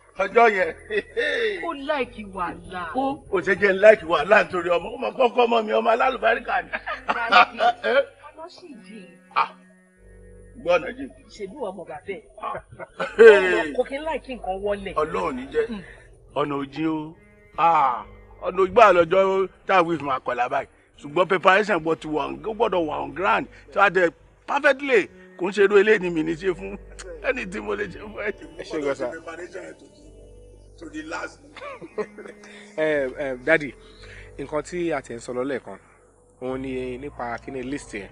ọjọ́ yẹn. ó láìkì wàhálà. ó ò ṣe jẹ́ láìkì wàhálà nítorí ọmọ ọmọ kọ́kọ́ ọmọ mi ọmọ alálùbáríkà ni. ọmọ sì di. Ah. gbọ́ ọ̀nà jẹ́. ṣèlú ọmọ bàbá ẹ̀. Ah. kò kí n láìkì nǹkan wọlé. ọlọ́run ní jẹ́ mm. ọ̀nà òjì o ah. ọ̀nà ògbà lọ́jọ́ táwọn ìfìmọ̀ àkọlà báyìí ṣùgbọ́n preparation gbọ́ ti wà gbọ́dọ̀ wà on ground tí wàá dẹ perfectly kò ń ṣe eré eléyìí ni mi ní ṣe fún ẹni tí mo lè ṣe fún ẹ. ẹ ṣe gbọ́dọ̀ to the last. ẹ ẹ dadi nǹkan tí a ti ń sọ lọ lẹ́ẹ̀kan òun ni nípa kíní list yẹn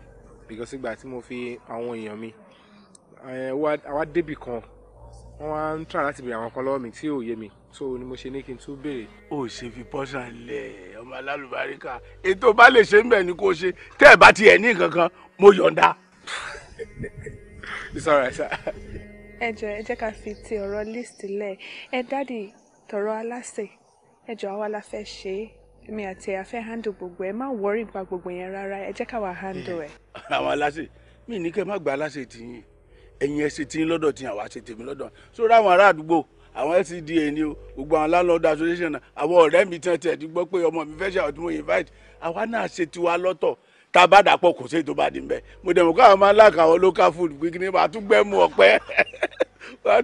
because ìgbà tí mo fi àwọn èèyàn mi àwa eh, débì kan wọ́n wá ń try láti béèrè àwọn kan lọ́wọ́ mi tí ò yé mi so ni mo ṣe ní kí n tún béèrè. ó ṣe fi pọ́sà lẹ̀ ọmọ alálùbáríkà ètò bá lè ṣe ń bẹ̀ ni kò ṣe tẹ́ ẹ̀ bá ti ẹ̀ ní nǹkan kan mo yọ̀ǹda. <laughs> it's alright sir. ẹ jọ̀ọ́ ẹ jẹ́ ká fi ti ọ̀rọ̀ list lẹ̀ ẹ eh, dádì tọrọ aláṣẹ ẹjọ àwa la fẹ́ ṣe é èmi àti gbogbo má gbogbo yẹn rárá ẹ jẹ́ káwa handle ẹ̀. <laughs> àwọn aláṣẹ mi ní ẹ má gba aláṣẹ tìyín ẹyin ẹsẹ lọ́dọ̀ àwa ṣe tèmi lọ́dọ̀ sórí àwọn ará àdúgbò àwọn ni o gbogbo àwọn landlord association àwọn ọrẹ mi tán tiẹ̀ ti gbọ pé ọmọ mi fẹ́ ṣe àwọn tí mo invite àwa náà ṣe tiwa lọtọ tá a bá bá <laughs> wàá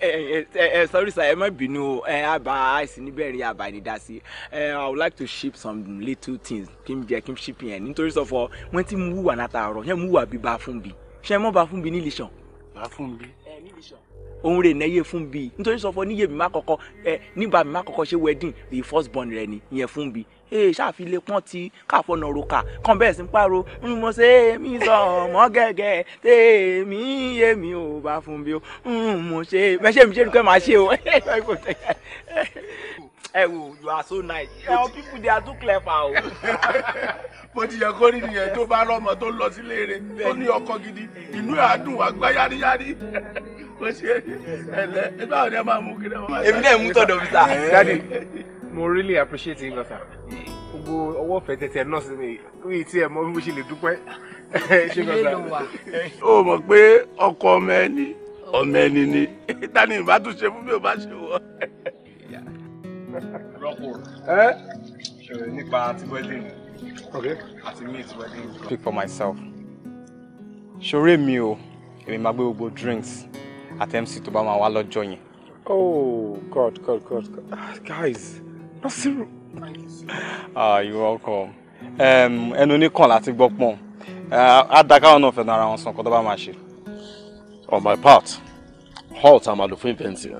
ẹ ẹ sorry sir ẹ má bínú ẹ eh, àbá àìsí níbẹ̀ rí àbá ìdásí ẹ eh, i would like to ship some little things kí n jẹ kí n ship yẹn nítorí sọ fọ wọn ti mú wà látàárọ̀ yẹn mú wà bíbá fún bi ṣé ẹ mọ̀ bá fún bi ní ilé ṣan. bá fún bi. Eh, ẹ ní ilé ṣan òun rè nẹ́yẹ fún bi nítorí sọ fún níyẹ mi má kọ́kọ́ ẹ nígbà mi má kọ́kọ́ ṣe wedding the first born rẹ ni ìyẹn fún bi ee ṣáàfin lè pọ́n ti káfọ́nà roka kan bẹ́ẹ̀ sí ń pààrọ̀ ń mọ ṣe mí sọ ọmọ gẹ́gẹ́ tèmi yé mi ò bá fún bí ó ń mọ ṣe mẹ́ṣẹ́ mi ṣe ni pé màá ṣe o. <laughs> ẹ wo you are so nice your people they are too clever o. bó ti yẹ kó rí nìyẹn tó bá lọ́mọ tó lọ sílé rẹ̀ tó ní ọkọ gidi inú ẹ̀ á dùn wá gbá yáríyárí bó ṣe ẹlẹ ẹ báwo ni ẹ máa mú kí ẹ máa. èmi náà mú tọ̀dọ̀ mi sá. <laughs> dadi mo really appreciate you, sir. gbogbo ọwọ́ fẹ́ tẹ̀tẹ̀ nọ́ọ̀sì mi mi ti ẹ̀ mọ bí mo ṣe lè dúpẹ́ <laughs> ṣé kọ́sà. o mọ̀ pé ọkọ ọmọ ẹni ọmọ ẹni ni <laughs> tani ìbátúnṣe fún mi ò bá ṣe wọ́. Pick eh? for myself ṣoré me o èmi máa gbé gbogbo drinks àti mc tó bá máa wá lọ́jọ́ yẹn. oh god god god, god. Ah, guys no zero. ah you're welcome ẹnu oníkan láti gbọ́ pọ́n eh, á da káwọn náà fẹ́ràn ara wọn sàn kó tó bá máa ṣe. on my part halt amalofin fẹ́ǹsì i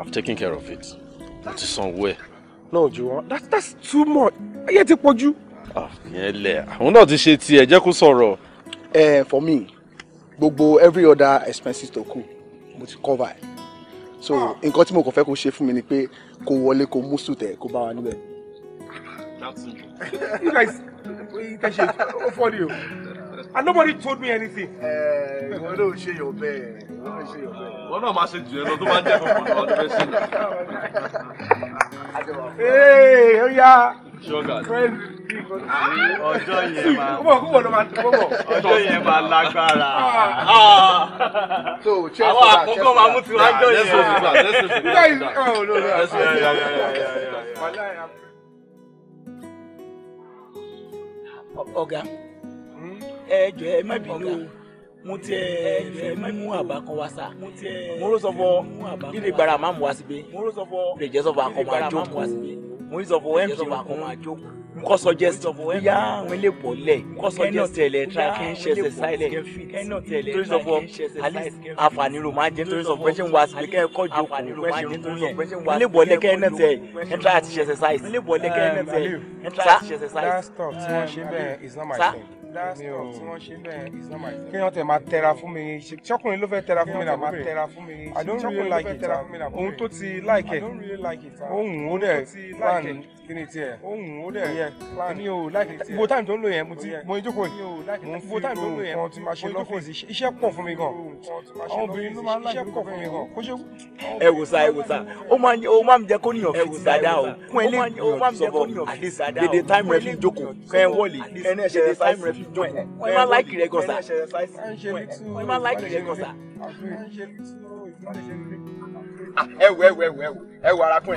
I've taken care of it mo ti sanwó ẹ̀. náà ò wọn that that's too much ayé ti pọ̀ jù. Ah, ìyẹn lẹ àwọn náà ti ṣe tiẹ̀ jẹ́ kó sọ̀rọ̀. ẹ eh, for me gbogbo every other expenses tó kù mo ti cover ẹ so ah. nǹkan tí mo kàn fẹ́ kó ṣe fún mi ni pé kó wọlé kó mú sùn tẹ̀ kó bá wa níbẹ̀. <laughs> you guys you guys ṣe ó fọ́ o and nobody told me anything. ẹ eh, ẹ wọn náà ṣe yọ bẹ́ẹ̀ wọn náà ṣe yọ bẹ́ẹ̀. wọn náà máa ṣe jù ẹ lọ tó bá jẹ kókó lọ ọdún bẹ́ẹ̀ sí. ee ó yá. ọjọ́ yẹn máa ọjọ́ yẹn máa lágbára. Ah. àwọn àkọ́kọ́ máa mú tiwọn ọjọ́ yẹn. ọ̀gá ẹ jọ ẹ má bínú mo ti ẹ fẹ́ mú àbá kan wá sá mo ló sọ fọ dídì gbàrà má mu wá síbi lè jẹ́ sọ fọ akọ máa jókòó mo ní sọ fọ ẹ̀ ń sọ fọ ya àwọn elépo lẹ nkọsọ jẹsẹ lẹ try kí n ṣẹṣẹ silẹ sọ fọ alice àǹfààní ló máa jẹ torí sọ fọ pẹṣẹ wa síbi kẹ ẹ kọ jòkó pẹṣẹ rúkú yẹn elépo lẹ kẹ ẹ náà ẹ try àti ṣẹṣẹ size elépo lẹ kẹ ẹ náà ẹ try àti ṣe bẹ́ẹ̀ is not my last stop tí kí wọ́n tẹ̀ máa tẹra fún mi ṣọkùnrin ló fẹ́ tẹra fún mi náà máa tẹra fún mi ṣọkùnrin ló fẹ́ tẹra fún mi náà ohun tó ti like it ohun ó dẹ̀ wà kíni tiẹ̀ ohun ó dẹ̀ kíni o láì gbogbo táìmù tó ń lò yẹn mo ti mo ìjókòó yìí mo ń gbogbo táìmù tó ń lò yẹn mo ti máa ṣe lọ́fíìs iṣẹ́ pọ̀ fún mi gan àwọn obìnrin ló máa ń láti pọ̀ fún mi gan kó ṣe. ẹ wò sa ẹ wò sa ó máa ń ó máa ń jẹ kó níyàn fi dada o kún ẹ lè yàn sọfọ dédé táìmù rẹ fi ẹ fi jókòó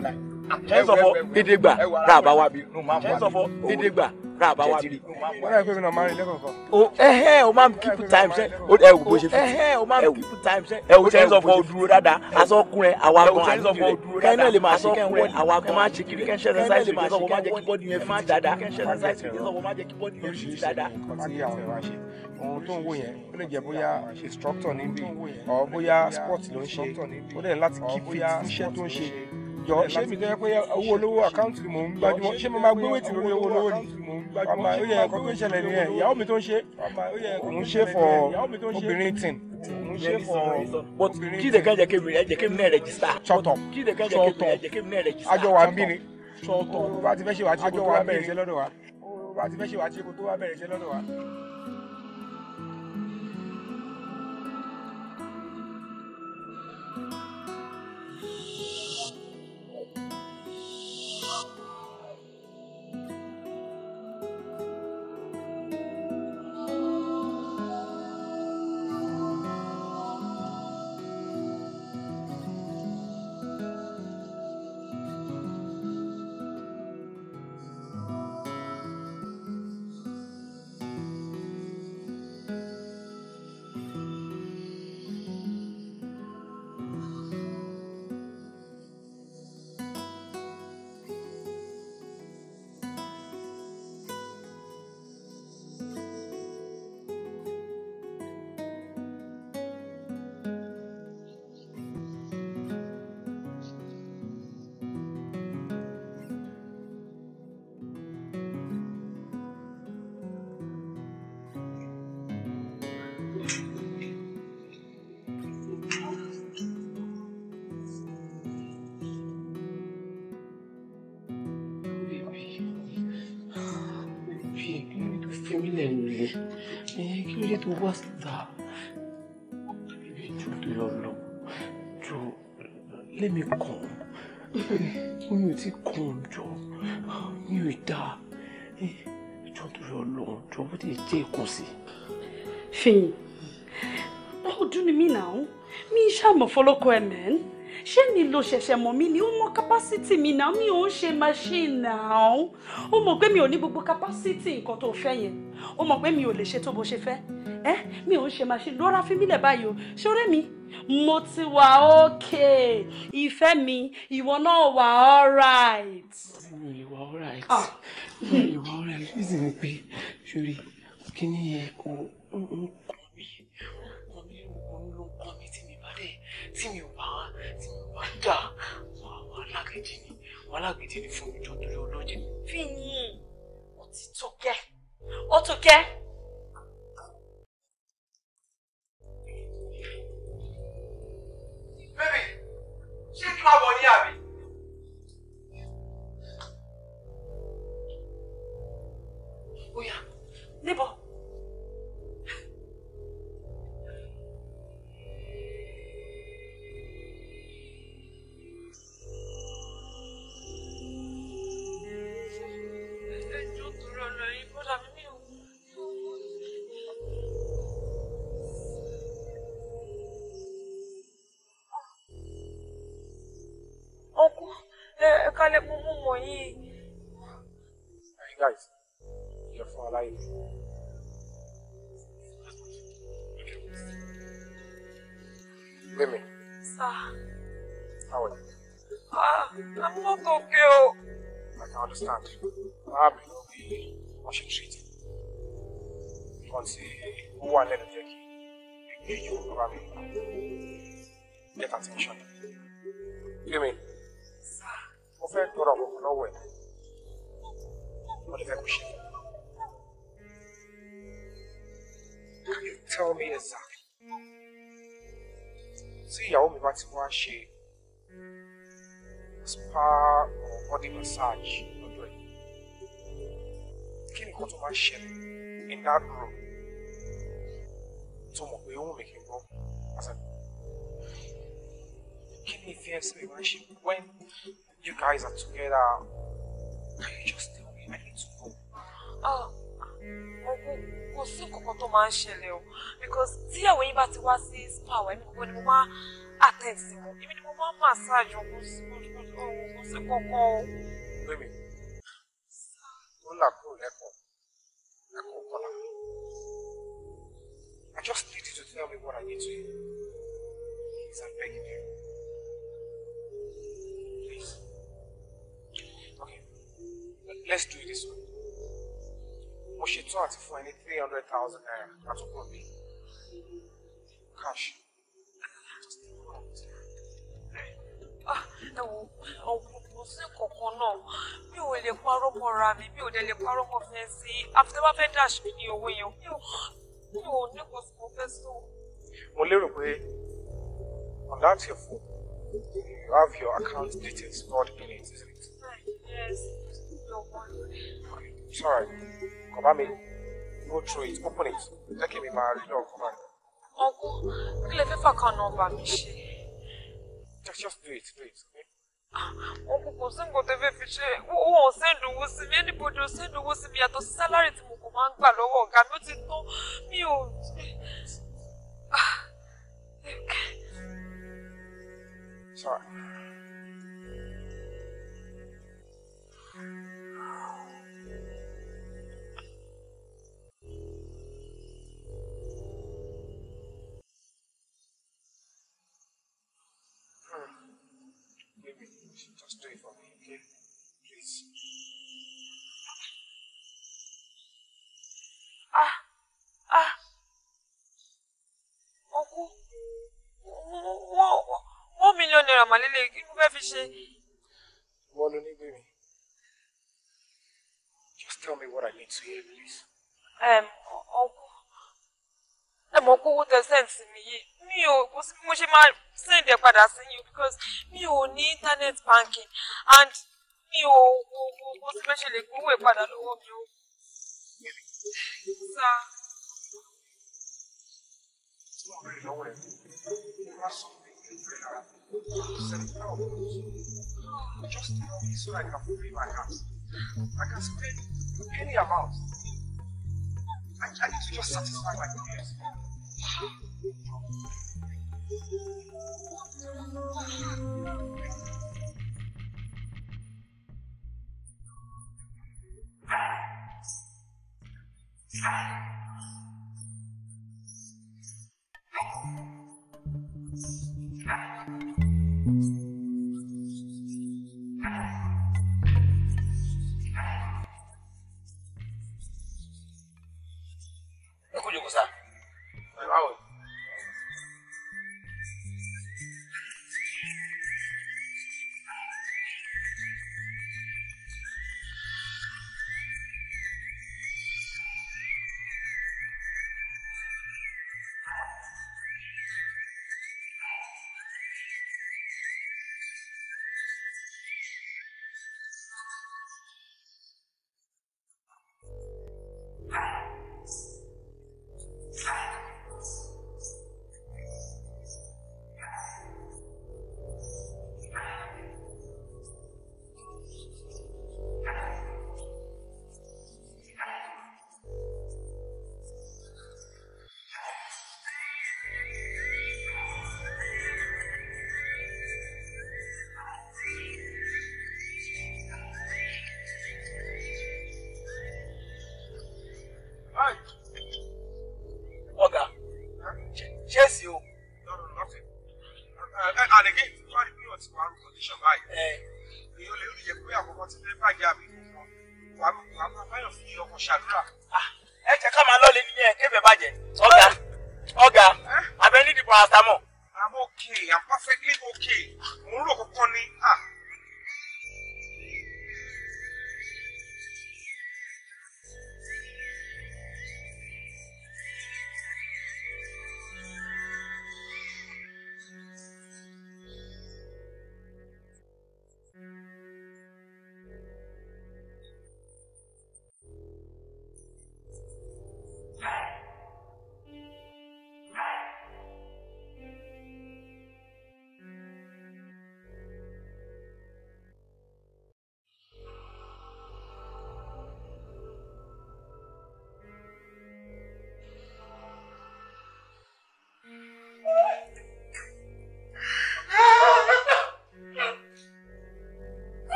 ẹ ẹ má ẹnsọfọ dídégbà rà bá wa bi ẹnsọfọ dídégbà rà bá wa bi. wọ́n yà pé mi náà máa rìn lẹ́kọ̀ọ̀kan. o ẹhẹ́ o máa keep time sẹ́ o ẹ wò bó ṣe fi ẹhẹ́ o máa keep time sẹ́ ẹ wò ẹnsọfọ dúró dáadáa aṣọ kúnrẹ́ àwa gan àdúgbò rẹ̀ kẹ́hìn náà lè máa ṣe kẹ́hìn àwa gan máa ṣe kiri kẹ́hìn ṣẹ́ṣẹ́ ṣáìsì bí sọ́wọ́ máa jẹ́ kí bọ́ọ̀dù yẹn fi dáadáa ohun tó ń wò yẹn ó lè jẹ bóyá instructor níbí ọ bóyá sport ló ń ṣe ó lè láti keep fit iṣẹ́ tó ń ṣe jọ ṣé mi jẹ́ pé owó olówó àkáǹtì mò ń gbájúmọ́ ṣé mo máa gbé wéètì lórí owó olówó ni àmà ó yẹ ẹ̀kọ́ tó ṣẹlẹ̀ nìyẹn ìyàwó mi tó ń ṣe òun ṣe fọ obìnrin tìǹ òun ṣe fọ obìnrin tìǹ. kí ìdẹ̀kan jẹ́ kémi ẹ̀jẹ̀ kémi náà rẹ̀jísítà. sọtọ kí àjọ wa ń bí ni sọtọ bá ti fẹ́ ṣe wá tí kò tó wá bẹ̀rẹ̀ ṣe lọ́dọ̀ wa. was that? Jọ̀ọ́ lọ lọ. Jọ̀ọ́ let me come. <laughs> Mi ò ti come jọ̀ọ́. Mi ò dá. Jọ̀ọ́ torí Ọlọ́run jọ̀ọ́ bó ti jẹ́ ìkùn sí. Fẹ́yìn, ó dún ni me náà. Mi ṣàmọ̀ fọlọ́kọ ẹ̀ mẹ́rin ṣé mi lo ṣẹ̀ṣẹ̀ mọ̀ mí ni ó mọ capacity mi náà mi ò ń ṣe machine náà ó mọ̀ pé mi ò ní gbogbo capacity nǹkan tó fẹ́ yẹn ó mọ̀ pé mi ò lè ṣe tó bó ṣe fẹ́ ẹ́ mi ò ń ṣe machine lọ́ra fi mí lẹ̀ báyìí o ṣọ́rẹ́ mi mo ti wà okay ìfẹ́ mi ìwọ náà wà alright. mi ò wà alright ah. mi ò wà alright ṣé ìsìn pé ṣorí kí ni kò ń kọ́ mi kò ń lọ kọ́ mi tí mi bá dẹ̀ tí mi ò dà wà lágídí ni wà lágídí ni fún mi jọ torí olóje. fíyì ó ti tó gẹ́ ó tó gẹ́. bébì ṣé kí wàá bọ̀ ní àbí. ó níbo. kalẹ̀ mú mú mọ̀ yìí. Hey guys, yẹ fún aláyè. Mímí. Sá. Báwo ni? Ah, I'm not okay o. I can understand. Báàmì ló bí wọ́n ṣe treat. Nǹkan tí ó wà lẹ́nu jẹ́ kí èyí yóò rọra mi. Get attention. Mímí fẹ́ tọrọ àkókò lọ́wọ́ ẹ̀ mo lè fẹ́ kó ṣe. Can you tell me exactly? Tí ìyàwó mi bá ti wá ṣe spa or body massage lọ́dọ̀ ẹ̀, kí ni nǹkan tó máa ṣẹlẹ̀ in that room? Tó mọ̀ pé ó wù mí kí n gbọ́. Kí ni ìfẹ́ ẹsẹ̀ mi máa ṣe when you guys are together. Can you just tell me? I need to go. Ah, go. sí nǹkan tó máa ń ṣẹlẹ̀ o because tíyàwó yín bá ti wá sí spa wa èmi kò ní mo máa attend sí wọn èmi ni mo máa massage wọn kò sí kò sí kankan o. lómi ó là kúrò lẹ́kọ̀ọ́ lẹ́kọ̀ọ́ kọ́lá I just need you to tell me what I need to hear. Please, I'm begging you. let's do it this way mo ṣetán àti fún ẹ ní three hundred thousand naira látọkùn mi cash. Ah, ẹ wo ọ̀pọ̀ sí kankan náà mi ò lè parọ́ mọ́ ra mi mi ò dẹ̀ lè parọ́ mọ́ fẹ́ sí àfitẹ́bá fẹ́ dà sí ní owó yẹn mi ò ní kò sí mo fẹ́ sọ. mo lérò pé on that your phone you have your account details stored in it isn't it. yes. It's alright. Come on, me. Go through it. Open it. Take me my reload. Come on. Uncle, clever for can over me. Just, just do it, do it. Ah, Uncle, kò sí nǹkan tó fẹ́ fi ṣe owó ọ̀sẹ̀ ìdòwò sí mi anybody ọ̀sẹ̀ ìdòwò sí mi yàtọ̀ sí sálárì tí mo kò máa ń gbà lọ́wọ́ ọ̀gá mi ó ti tán mi ò. Sorry. lélẹ̀ kí ló fẹ́ fi ṣe. wọ́n ló ní gbé just tell me what I need to hear please. ọkọ ẹ mọ kówó tẹ sẹ́ǹsì mi yìí mi ò kó sí mo ṣe máa sẹ́ǹdẹ̀ padà sí yìí because mi ò ní internet banking and mi ò wo wo wo tí wọ́n ṣe lè gbówó ìpadà lọ́wọ́ mi o. sá. Thank you. Just tell me so I can pay my house. I can spend any amount. I, I need to just satisfy my curiosity.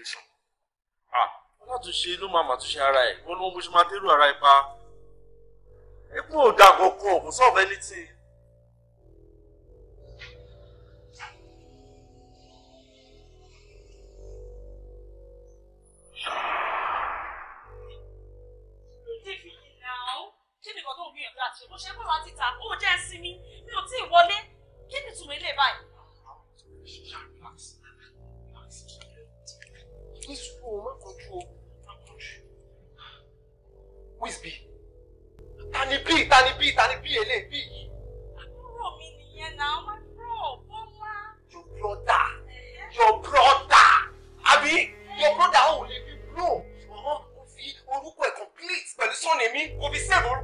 isolation. alátúnṣe ló máa màtúnṣe ara ẹ̀ wọ́n ní wọ́n bó ṣe máa dérò ara ẹ̀ pa. epo ò dàgọ̀ kan kò solve anything. We'll be several.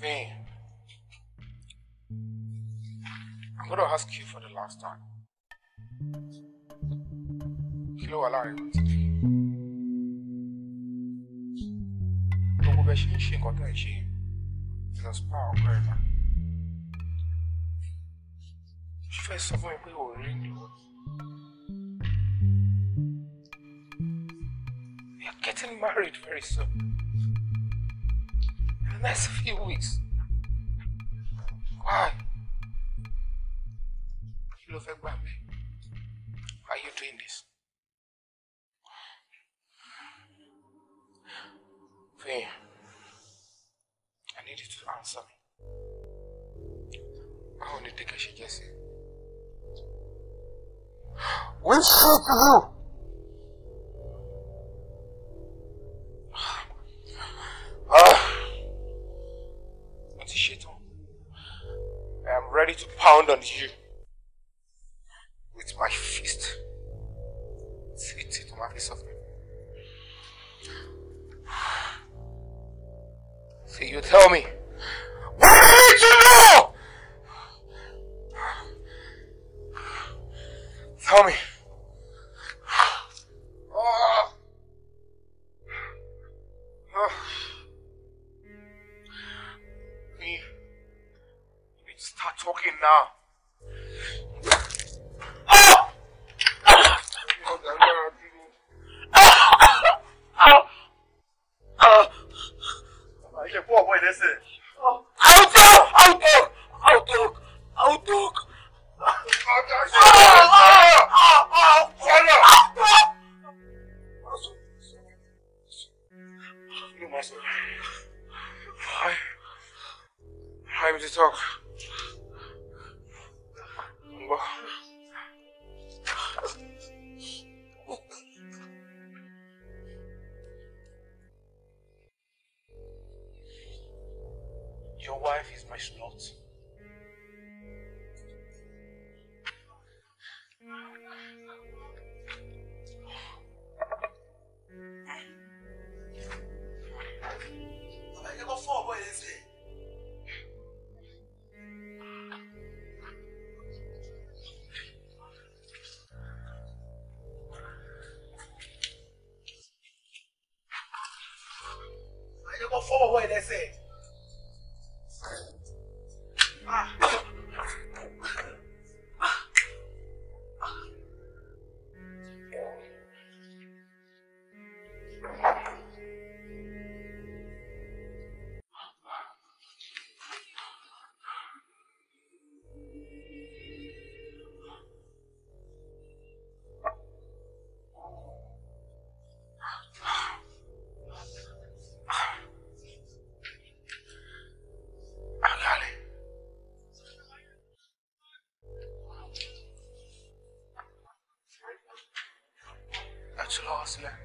Vane, I'm going to ask you for the last time. Hello, Alari, ṣe ń ṣe nǹkan tẹ́ ẹ̀ ṣe jesus pa ọkọ ẹ̀ náà getting married very soon in the next few weeks. wife is my snot. counselor.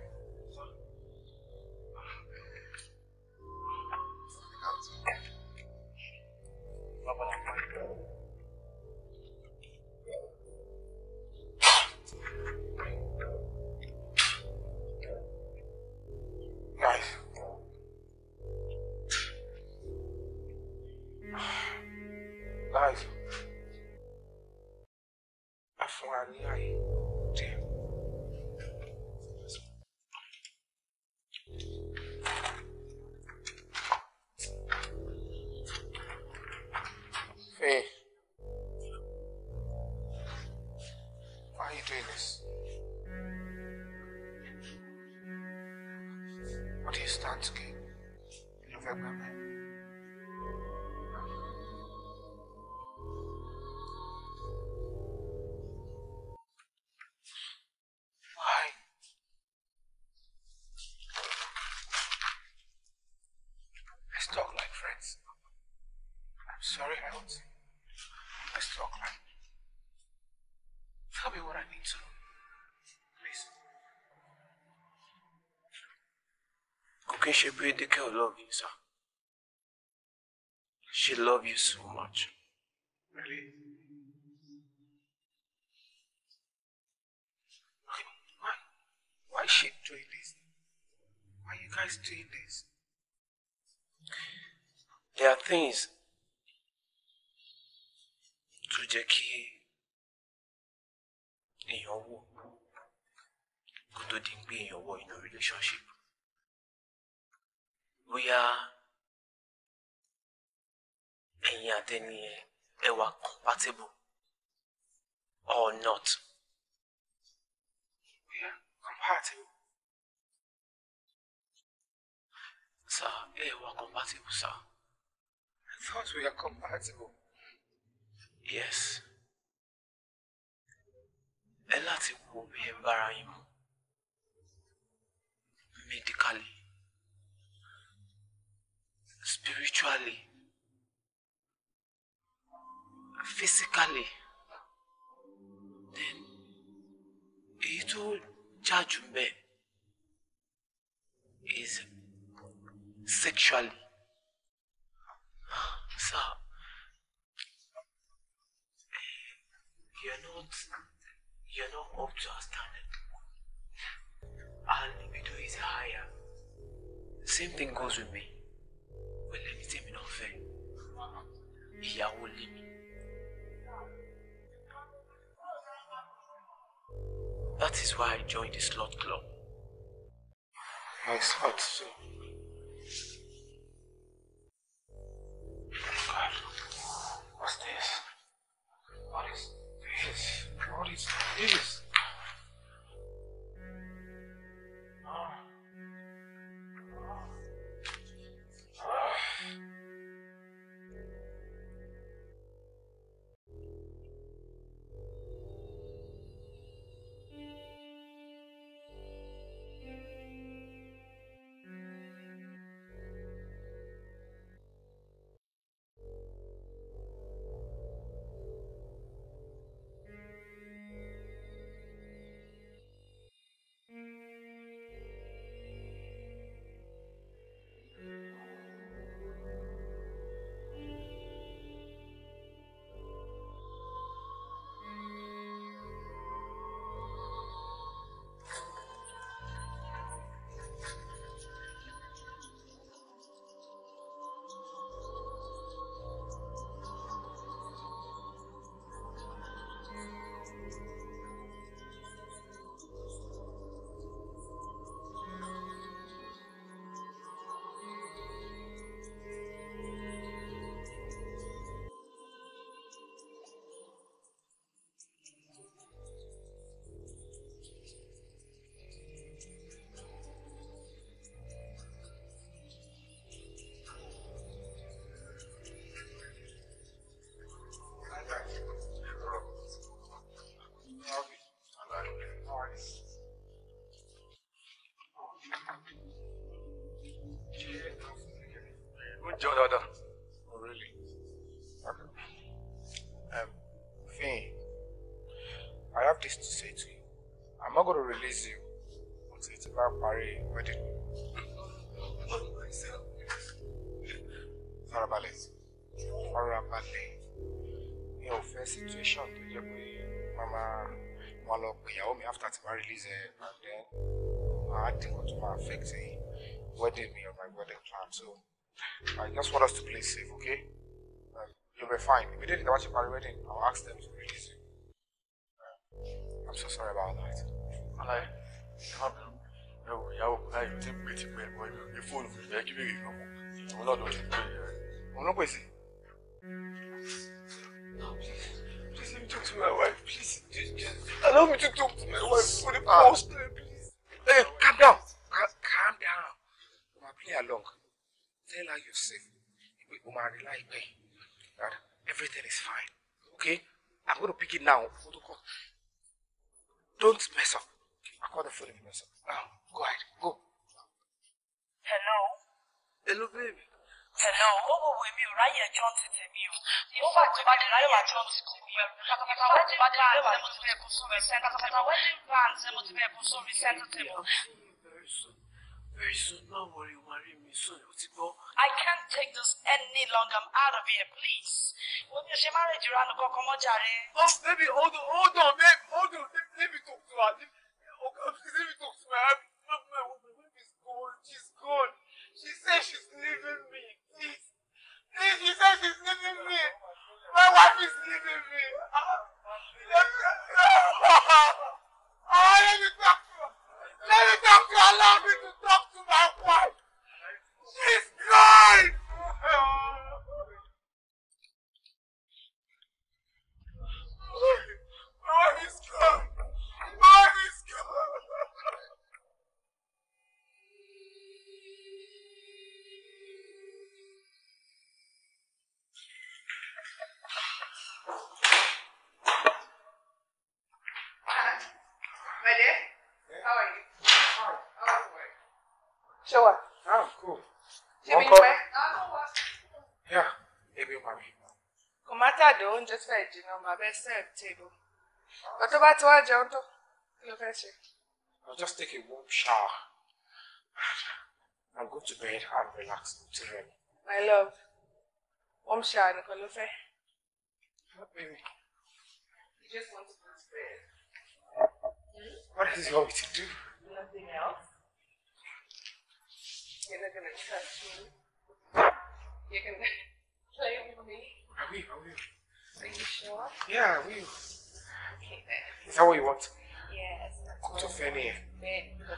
Hey, why are you doing this? What do you stand to gain? You look at my man. Sorry, I was. she í ṣe the girl love you sir she love you so much. Really? Why? Why is she doing this? Why are you guys doing this? There are things tó jẹ́ in your work. kó tó in your work in your relationship. bóyá ẹ̀yin àtẹni ẹ ẹ wà compatible or not. Yeah, compatible. Sir, ẹ wà compatible, sir. I thought we are compatible. Yes. Ẹ láti wo bí ẹ bára yín mu medically. spiritually, physically, then èyí tó is sexually. So, eh, you're not, you're not up to our standard. Our libido is higher. Same thing goes with me. That is why I joined the slot club. My slot too. God, what's this? What is this? What is this? jẹun dáadáa. oh really okay. Um, um, Finn I have this to say to you I'm not going to release you until ti bá parí wedding. farabalẹ̀ farabalẹ̀ mi ò fẹ́ situation tó jẹ́ pé màmá wọn my pè ìyàwó mi after ti bá release ẹ̀ and then màá to kó tó máa affect wedding mi I just want us to play safe, okay? Uh, you'll be fine. didn't watch your wedding, I'll ask them to release you. Uh, I'm so sorry about that. I'm not. no, ìyàwó kò láyé tí ń pè tí pé ẹ̀kọ́ ìfóònù fún ìyá kí bèrè ìgbọ̀nmọ́ òun náà ló ti pè Very soon, don't worry, you'll marry me soon. I can't take this any longer. I'm out of here, please. Oh, baby, hold on, hold on, baby, hold on. Let, let me talk to her. Let, okay, let me talk to her. My, my, my, my, my, gone. my, my, my, my, my, my, my, She said she's leaving me. My wife is leaving me. Let me talk to her. let me talk to her. Let me talk to her. Allow me to talk to my wife. She's crying. oúnjẹ tí ẹ jìnnà màá bẹ serve table but tó bá ti wá jẹun tó kí ṣe. I'll just take a warm shower and go to bed and relax until ready. My love warm shower nìkan ló fẹ́. Baby. You just want to go to bed. Hmm? What you want me to do? Nothing else. You're not gonna touch me. You're gonna <laughs> play with me. I will, I will. Are you sure? Yeah, we. Okay then. Is that what you want? Yes. Go to Fanny. to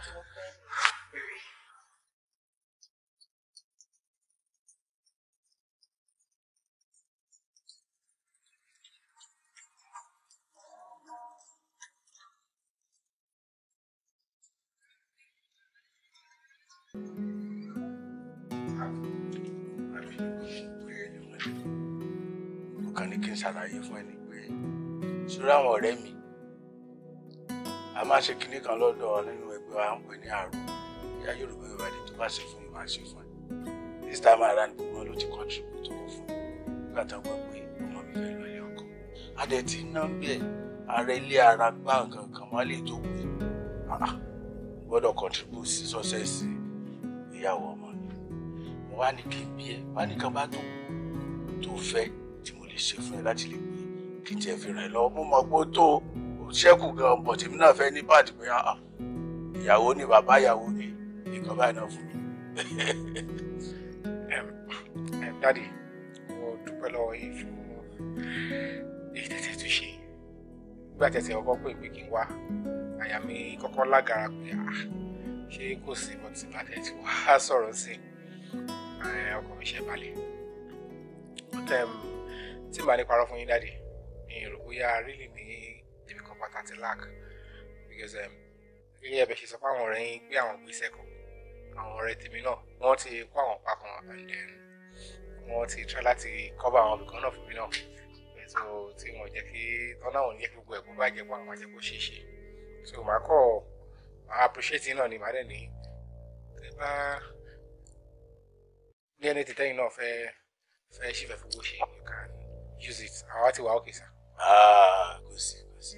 Thank you. náà ni kí n ṣàlàyé fún ẹni pé sórí àwọn ọ̀rẹ́ mi a máa ṣe kinní kan lọ́dọ̀ nínú ẹgbẹ́ wa ń pè ní àrùn ìyá Yorùbá Yorùbá ni tó bá ṣe fún mi máa ṣe fún ẹ this time around gbogbo ló ti contribute tó kọ fún mi nígbà tó gbọ́ pé ọmọ mi fẹ́ lọ ilé ọkọ adẹ tí ń náà bẹ́ẹ̀ ara ilé ara gbá nǹkan kan wá lè tó pé gbọ́dọ̀ contribute sí success ìyàwó ọmọ mi wọ́n á ní kí n bí ẹ wọ́n á ní kí n bá tó tó fẹ́ lè ṣe fún ẹ láti lè gbé kí tiẹ̀ fi ràn ẹ́ lọ́wọ́ mo mọ̀ pé ó tó o ṣẹ́kù gan bọ̀ tèmi náà fẹ́ ní bàdì pé ah, ah, ìyàwó ni bàbá ìyàwó ni nǹkan báyìí náà fún mi. <laughs> dádì mo dúpẹ́ lọ́wọ́ yìí fún èyí tẹ̀tẹ̀ tó ṣe nígbà tẹ̀tẹ̀ ọkọ pé pé kí n wá àyà mi kọ́kọ́ lágara pé ah, ṣé kò sí mo ti bàtẹ́ tí wàá sọ̀rọ̀ sí ọkọ̀ mi ṣe balẹ̀ tí màá ní parọ́ fún yín dáàdì mi rò bóyá rírì ní ibi kan pàtàkì lack because ilé um, ẹbẹ ṣe sọ pé àwọn ọ̀rẹ́ yín gbé àwọn gbèsè kan àwọn ọ̀rẹ́ tèmi náà wọ́n ti kó àwọn pa and then wọ́n ti try láti cover àwọn ibìkan náà fún mi náà so tí wọ́n jẹ́ kí ọ̀nà òun yẹ kí gbogbo ẹ̀kọ́ bá jẹ́ pọ̀ àwọn àjẹkù ṣe so màá kọ́ appreciate náà ni màá dẹ̀ ní tẹ bá ní ẹni tẹ̀tẹ̀yìn náà fẹ́ fẹ́ ṣífẹ́ fowó ṣe yóò kàn án use it àwa ti wà ókè sá. Ah, kò sí kò sí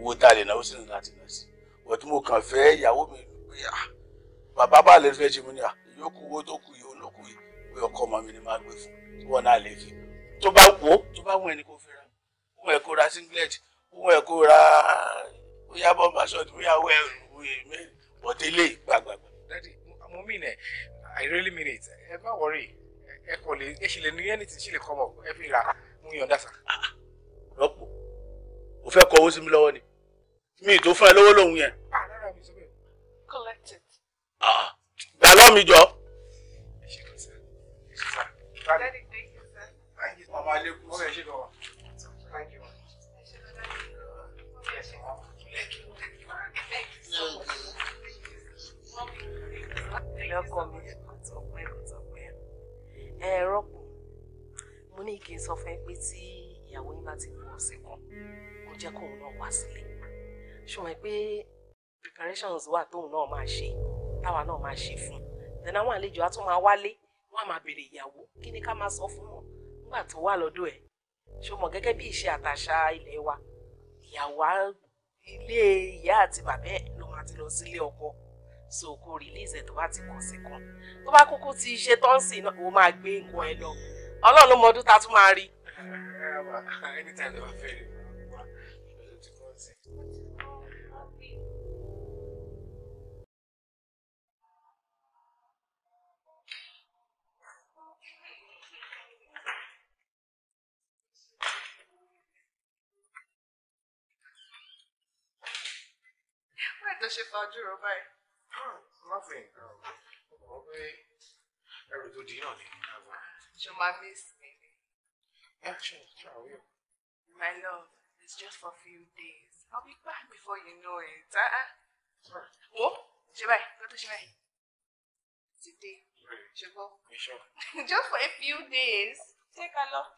owó tá a lè náwó sínú láti náà sí wọ́n tí mo kàn fẹ́ ìyàwó mi pé ah, bàbá bá lè fẹ́ ṣe mo ní à yòókù owó tó kù yóò lókù yìí pé ọkọ ọmọ mi ni máa gbé fún tí wọ́n náà lè fi tó bá wò ó tó bá wù ẹni kó fẹ́ ra wọ́n ẹ̀ kó ra singlet wọ́n ẹ̀ kó ra bóyá bọ́mbà ṣọ́ọ̀tì bóyá wẹ́ẹ̀rù mẹ́rin bọ́tẹ́lẹ̀ gbàgbàgbà. dadi mo mean it i really mean it ẹ má wọrí ẹ kò lè ẹ ṣì lè ní anything ṣì lè come up ẹ fi ra mo yàn dàsà. rọ́pò o fẹ́ kọ owó sí mi lọ́wọ́ ni mi ì tó fún ẹ lọ́wọ́ lòun yẹn. Ah, collect it. gbà ah, lọ́ mi jọ. ọmọ alekun ọmọ ẹ ṣe ní kí n sọ fún pé tí ìyàwó yín bá ti kú ọ̀sẹ̀ kan mo jẹ́ kóun náà wá sílé ṣùgbọ́n pé preparations wà tóun náà máa ṣe táwa náà máa ṣe fún un then àwọn àlejò á tún máa wálé wọ́n á máa béèrè ìyàwó kí ni ká máa sọ fún wọn nígbà tó wà lọ́dọ̀ ẹ̀ ṣùgbọ́n gẹ́gẹ́ bí ìṣe àtàṣà ilẹ̀ wa ìyàwó ilé ìyá àti bàbá ẹ̀ ló máa ti lọ sílé ọkọ so kò release ẹ̀ tó bá ti kọ̀ sí kan tó bá kúkú ti ṣe tọ́ǹsì náà ó máa gbé nǹkan ẹ lọ ọlọ́run ló mọ ọdún tá tún máa rí. anytime ló bá fẹ́ does she found you, Robert? Ah, nothing. Um, oh, Robert, everything you know, You're my Actually, baby. Action, child. My love, it's just for a few days. I'll be back before you know it. Uh-uh. Sorry. Oh, Shibai, go to Shibai. Today. Shibai. You sure? <laughs> just for a few days. Take a look.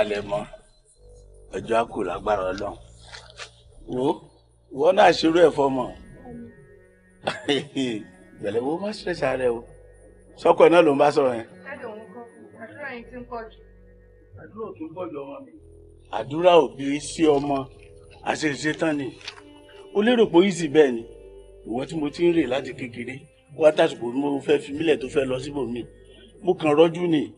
palẹ̀ mọ́ ọjọ́ àkù lágbára ọlọ́run wo wọn náà ṣerú ẹ̀ fọmọ gbẹ̀lẹ̀ <laughs> wo má ṣẹ̀ṣà rẹ o sọ́kọ̀ ẹ̀ náà ló ń bá sọ̀rọ̀ yẹn. àdúrà yẹn ti ń pọ̀ jù. àdúrà ò tún pọ̀ jù ọmọ mi. àdúrà òbí sí ọmọ àṣeṣe tán ni o lérò pé easy bẹ́ẹ̀ ni ìwọ tí mo ti ń rè láti kékeré wá tàṣùkò mo fẹ́ fi mílẹ̀ tó fẹ́ lọ síbòmí mo kàn rọ́jú nìyí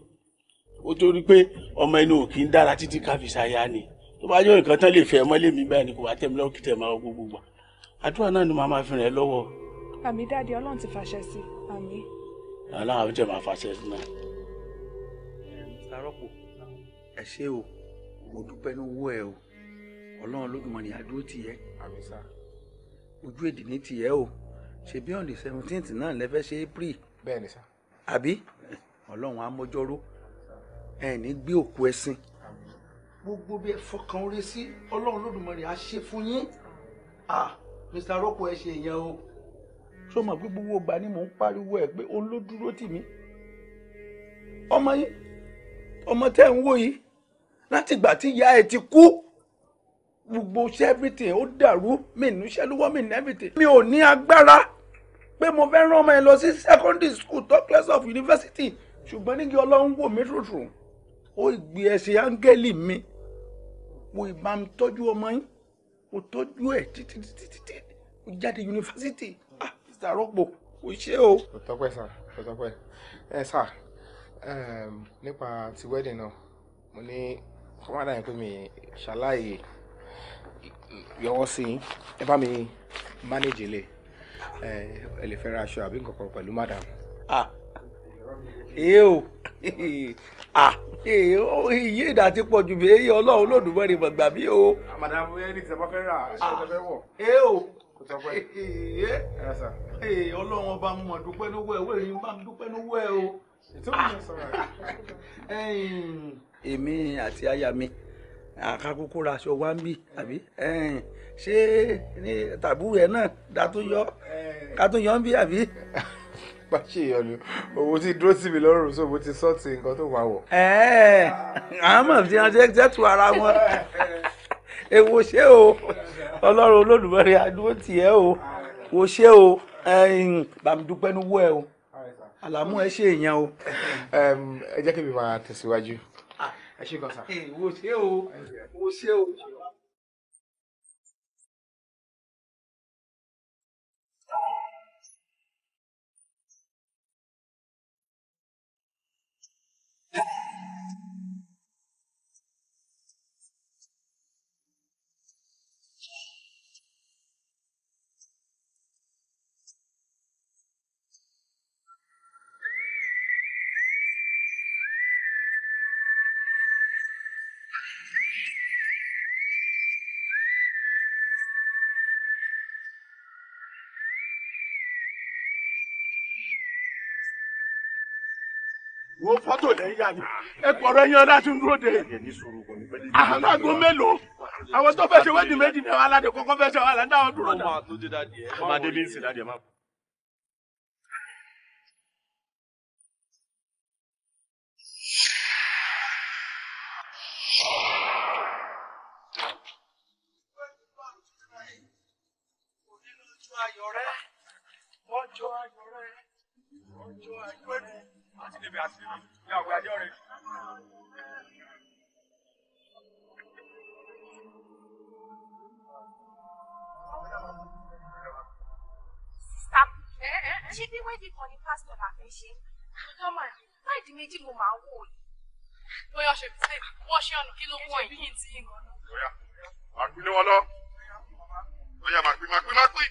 ó torí pé ọmọ inú ò kì í dára títí káfíṣáyà ni tó bá yọ nǹkan tán lè fẹ́ ọmọ lèmi báyìí ni kò wá tẹ̀mí lọ́wọ́ kí tẹ̀ máa gbogbo gbà àdúrà náà ni màá máa fi ràn ẹ́ lọ́wọ́. àmì dáadé ọlọ́run ti fàṣẹ sí àmì. aláwọ̀ tẹ̀ máa fàṣẹ sí náà. arọ́pò ẹ ṣé o mo dúpẹ́ lọ́wọ́ ẹ o ọlọ́run lódùmarè àdúró ti yẹ ojú èdè ní ti yẹ o ṣe bí on the seventeenth náà lẹ́fẹ́ ṣe april bẹ́ẹ̀ ni sá àbí ọlọ́run á ẹ ní gbé òkú ẹṣin gbogbo bí ẹ fọkàn orí sí ọlọ́run lódùmarè á ṣe fún yín ah mr rocco ẹ ṣe èèyàn o ṣó mọ̀ pé gbogbo ìgbà ni mò ń pariwo ẹ̀ pé òun ló dúró tì mí ọmọ yín ọmọ tẹ́ ń wò yìí láti ìgbà tí ìyá ẹ ti kú gbogbo ṣe everything ó dàrú mi nù iṣẹ́ lówó mi nù everything mi ò ní agbára pé mo fẹ́ rán ọmọ ẹ lọ sí secondary school top class of university ṣùgbọ́n nígi ọlọ́run wò mí tuntun ó gbé ẹsẹ̀ áńgẹ́lì mi mo ìbá mi tọ́jú ọmọ yín mo tọ́jú ẹ̀ títí títí títí mo jáde yunifásitì ah kò ṣe o. kò tọ́pẹ́ sà kò tọ́pẹ́ ẹ sà ehm, nípa ti wedding náà mo ní kọ́mádà yẹn pé mi ṣàlàyé yọwọ́ sí yín ẹ bá mi manage ilé ẹ lè fẹ́ ra aṣọ àbí nǹkan kan pẹ̀lú madam. ah èyí eh o <laughs> ah iye ìdá ti pọ̀ ju bẹ́ẹ̀ yẹ ọlọ́run lòdùmọ́rin gbàgbà bí o. àmàdà ẹni tí a bá fẹ́ rà ṣe fẹ́ wọ̀. ẹ o ọlọ́run ọba mo mọ̀ dúpẹ́ lọ́wọ́ ẹ̀ wọ́n èyí bá mi dúpẹ́ lọ́wọ́ ẹ̀ o. <laughs> èmi àti aya mi àkàkùkù ra aṣọ wa ń bì àbí ṣé tàbú ẹ náà dá tó yọ ká tó yọ ń bì àbí. <laughs> bá ṣe ìyọnu owó tí dúró sí mi lọ́rùn so mo ti sọ́ọ̀tì nǹkan tó máa wọ̀. àmọ́ fi hàn ṣe tẹ́tù ara wọn èwo ṣé o ọlọ́run olódùmarè adúró tiẹ̀ o wo ṣé o bàmídúpẹ́ ní wọ́ ẹ o àlámú ẹ ṣe èèyàn o. ẹ jẹ́ kí mi máa tẹ̀síwájú. Ah, ẹ ṣe kọ́sà. wo ṣé o wo ṣé o. wo fọ́tò lẹ́yìn yá ni ẹ pọ̀rọ̀ ẹyin ọ̀dà tí ń dúró de àwọn àgbo mélòó àwọn tó fẹ́ ṣe wẹ́ẹ̀dì aládé kọ́kọ́ fẹ́ ṣe àwọn dúró dà. fẹ́ ṣe kámà láìdí méjì mo máa wò yìí. bóyá ṣe fi wọ́n ṣe ọ̀nà kí ló wọ̀ yìí. bóyá màá pín lọ́wọ́ lọ. bóyá màá pín màá pín màá pín.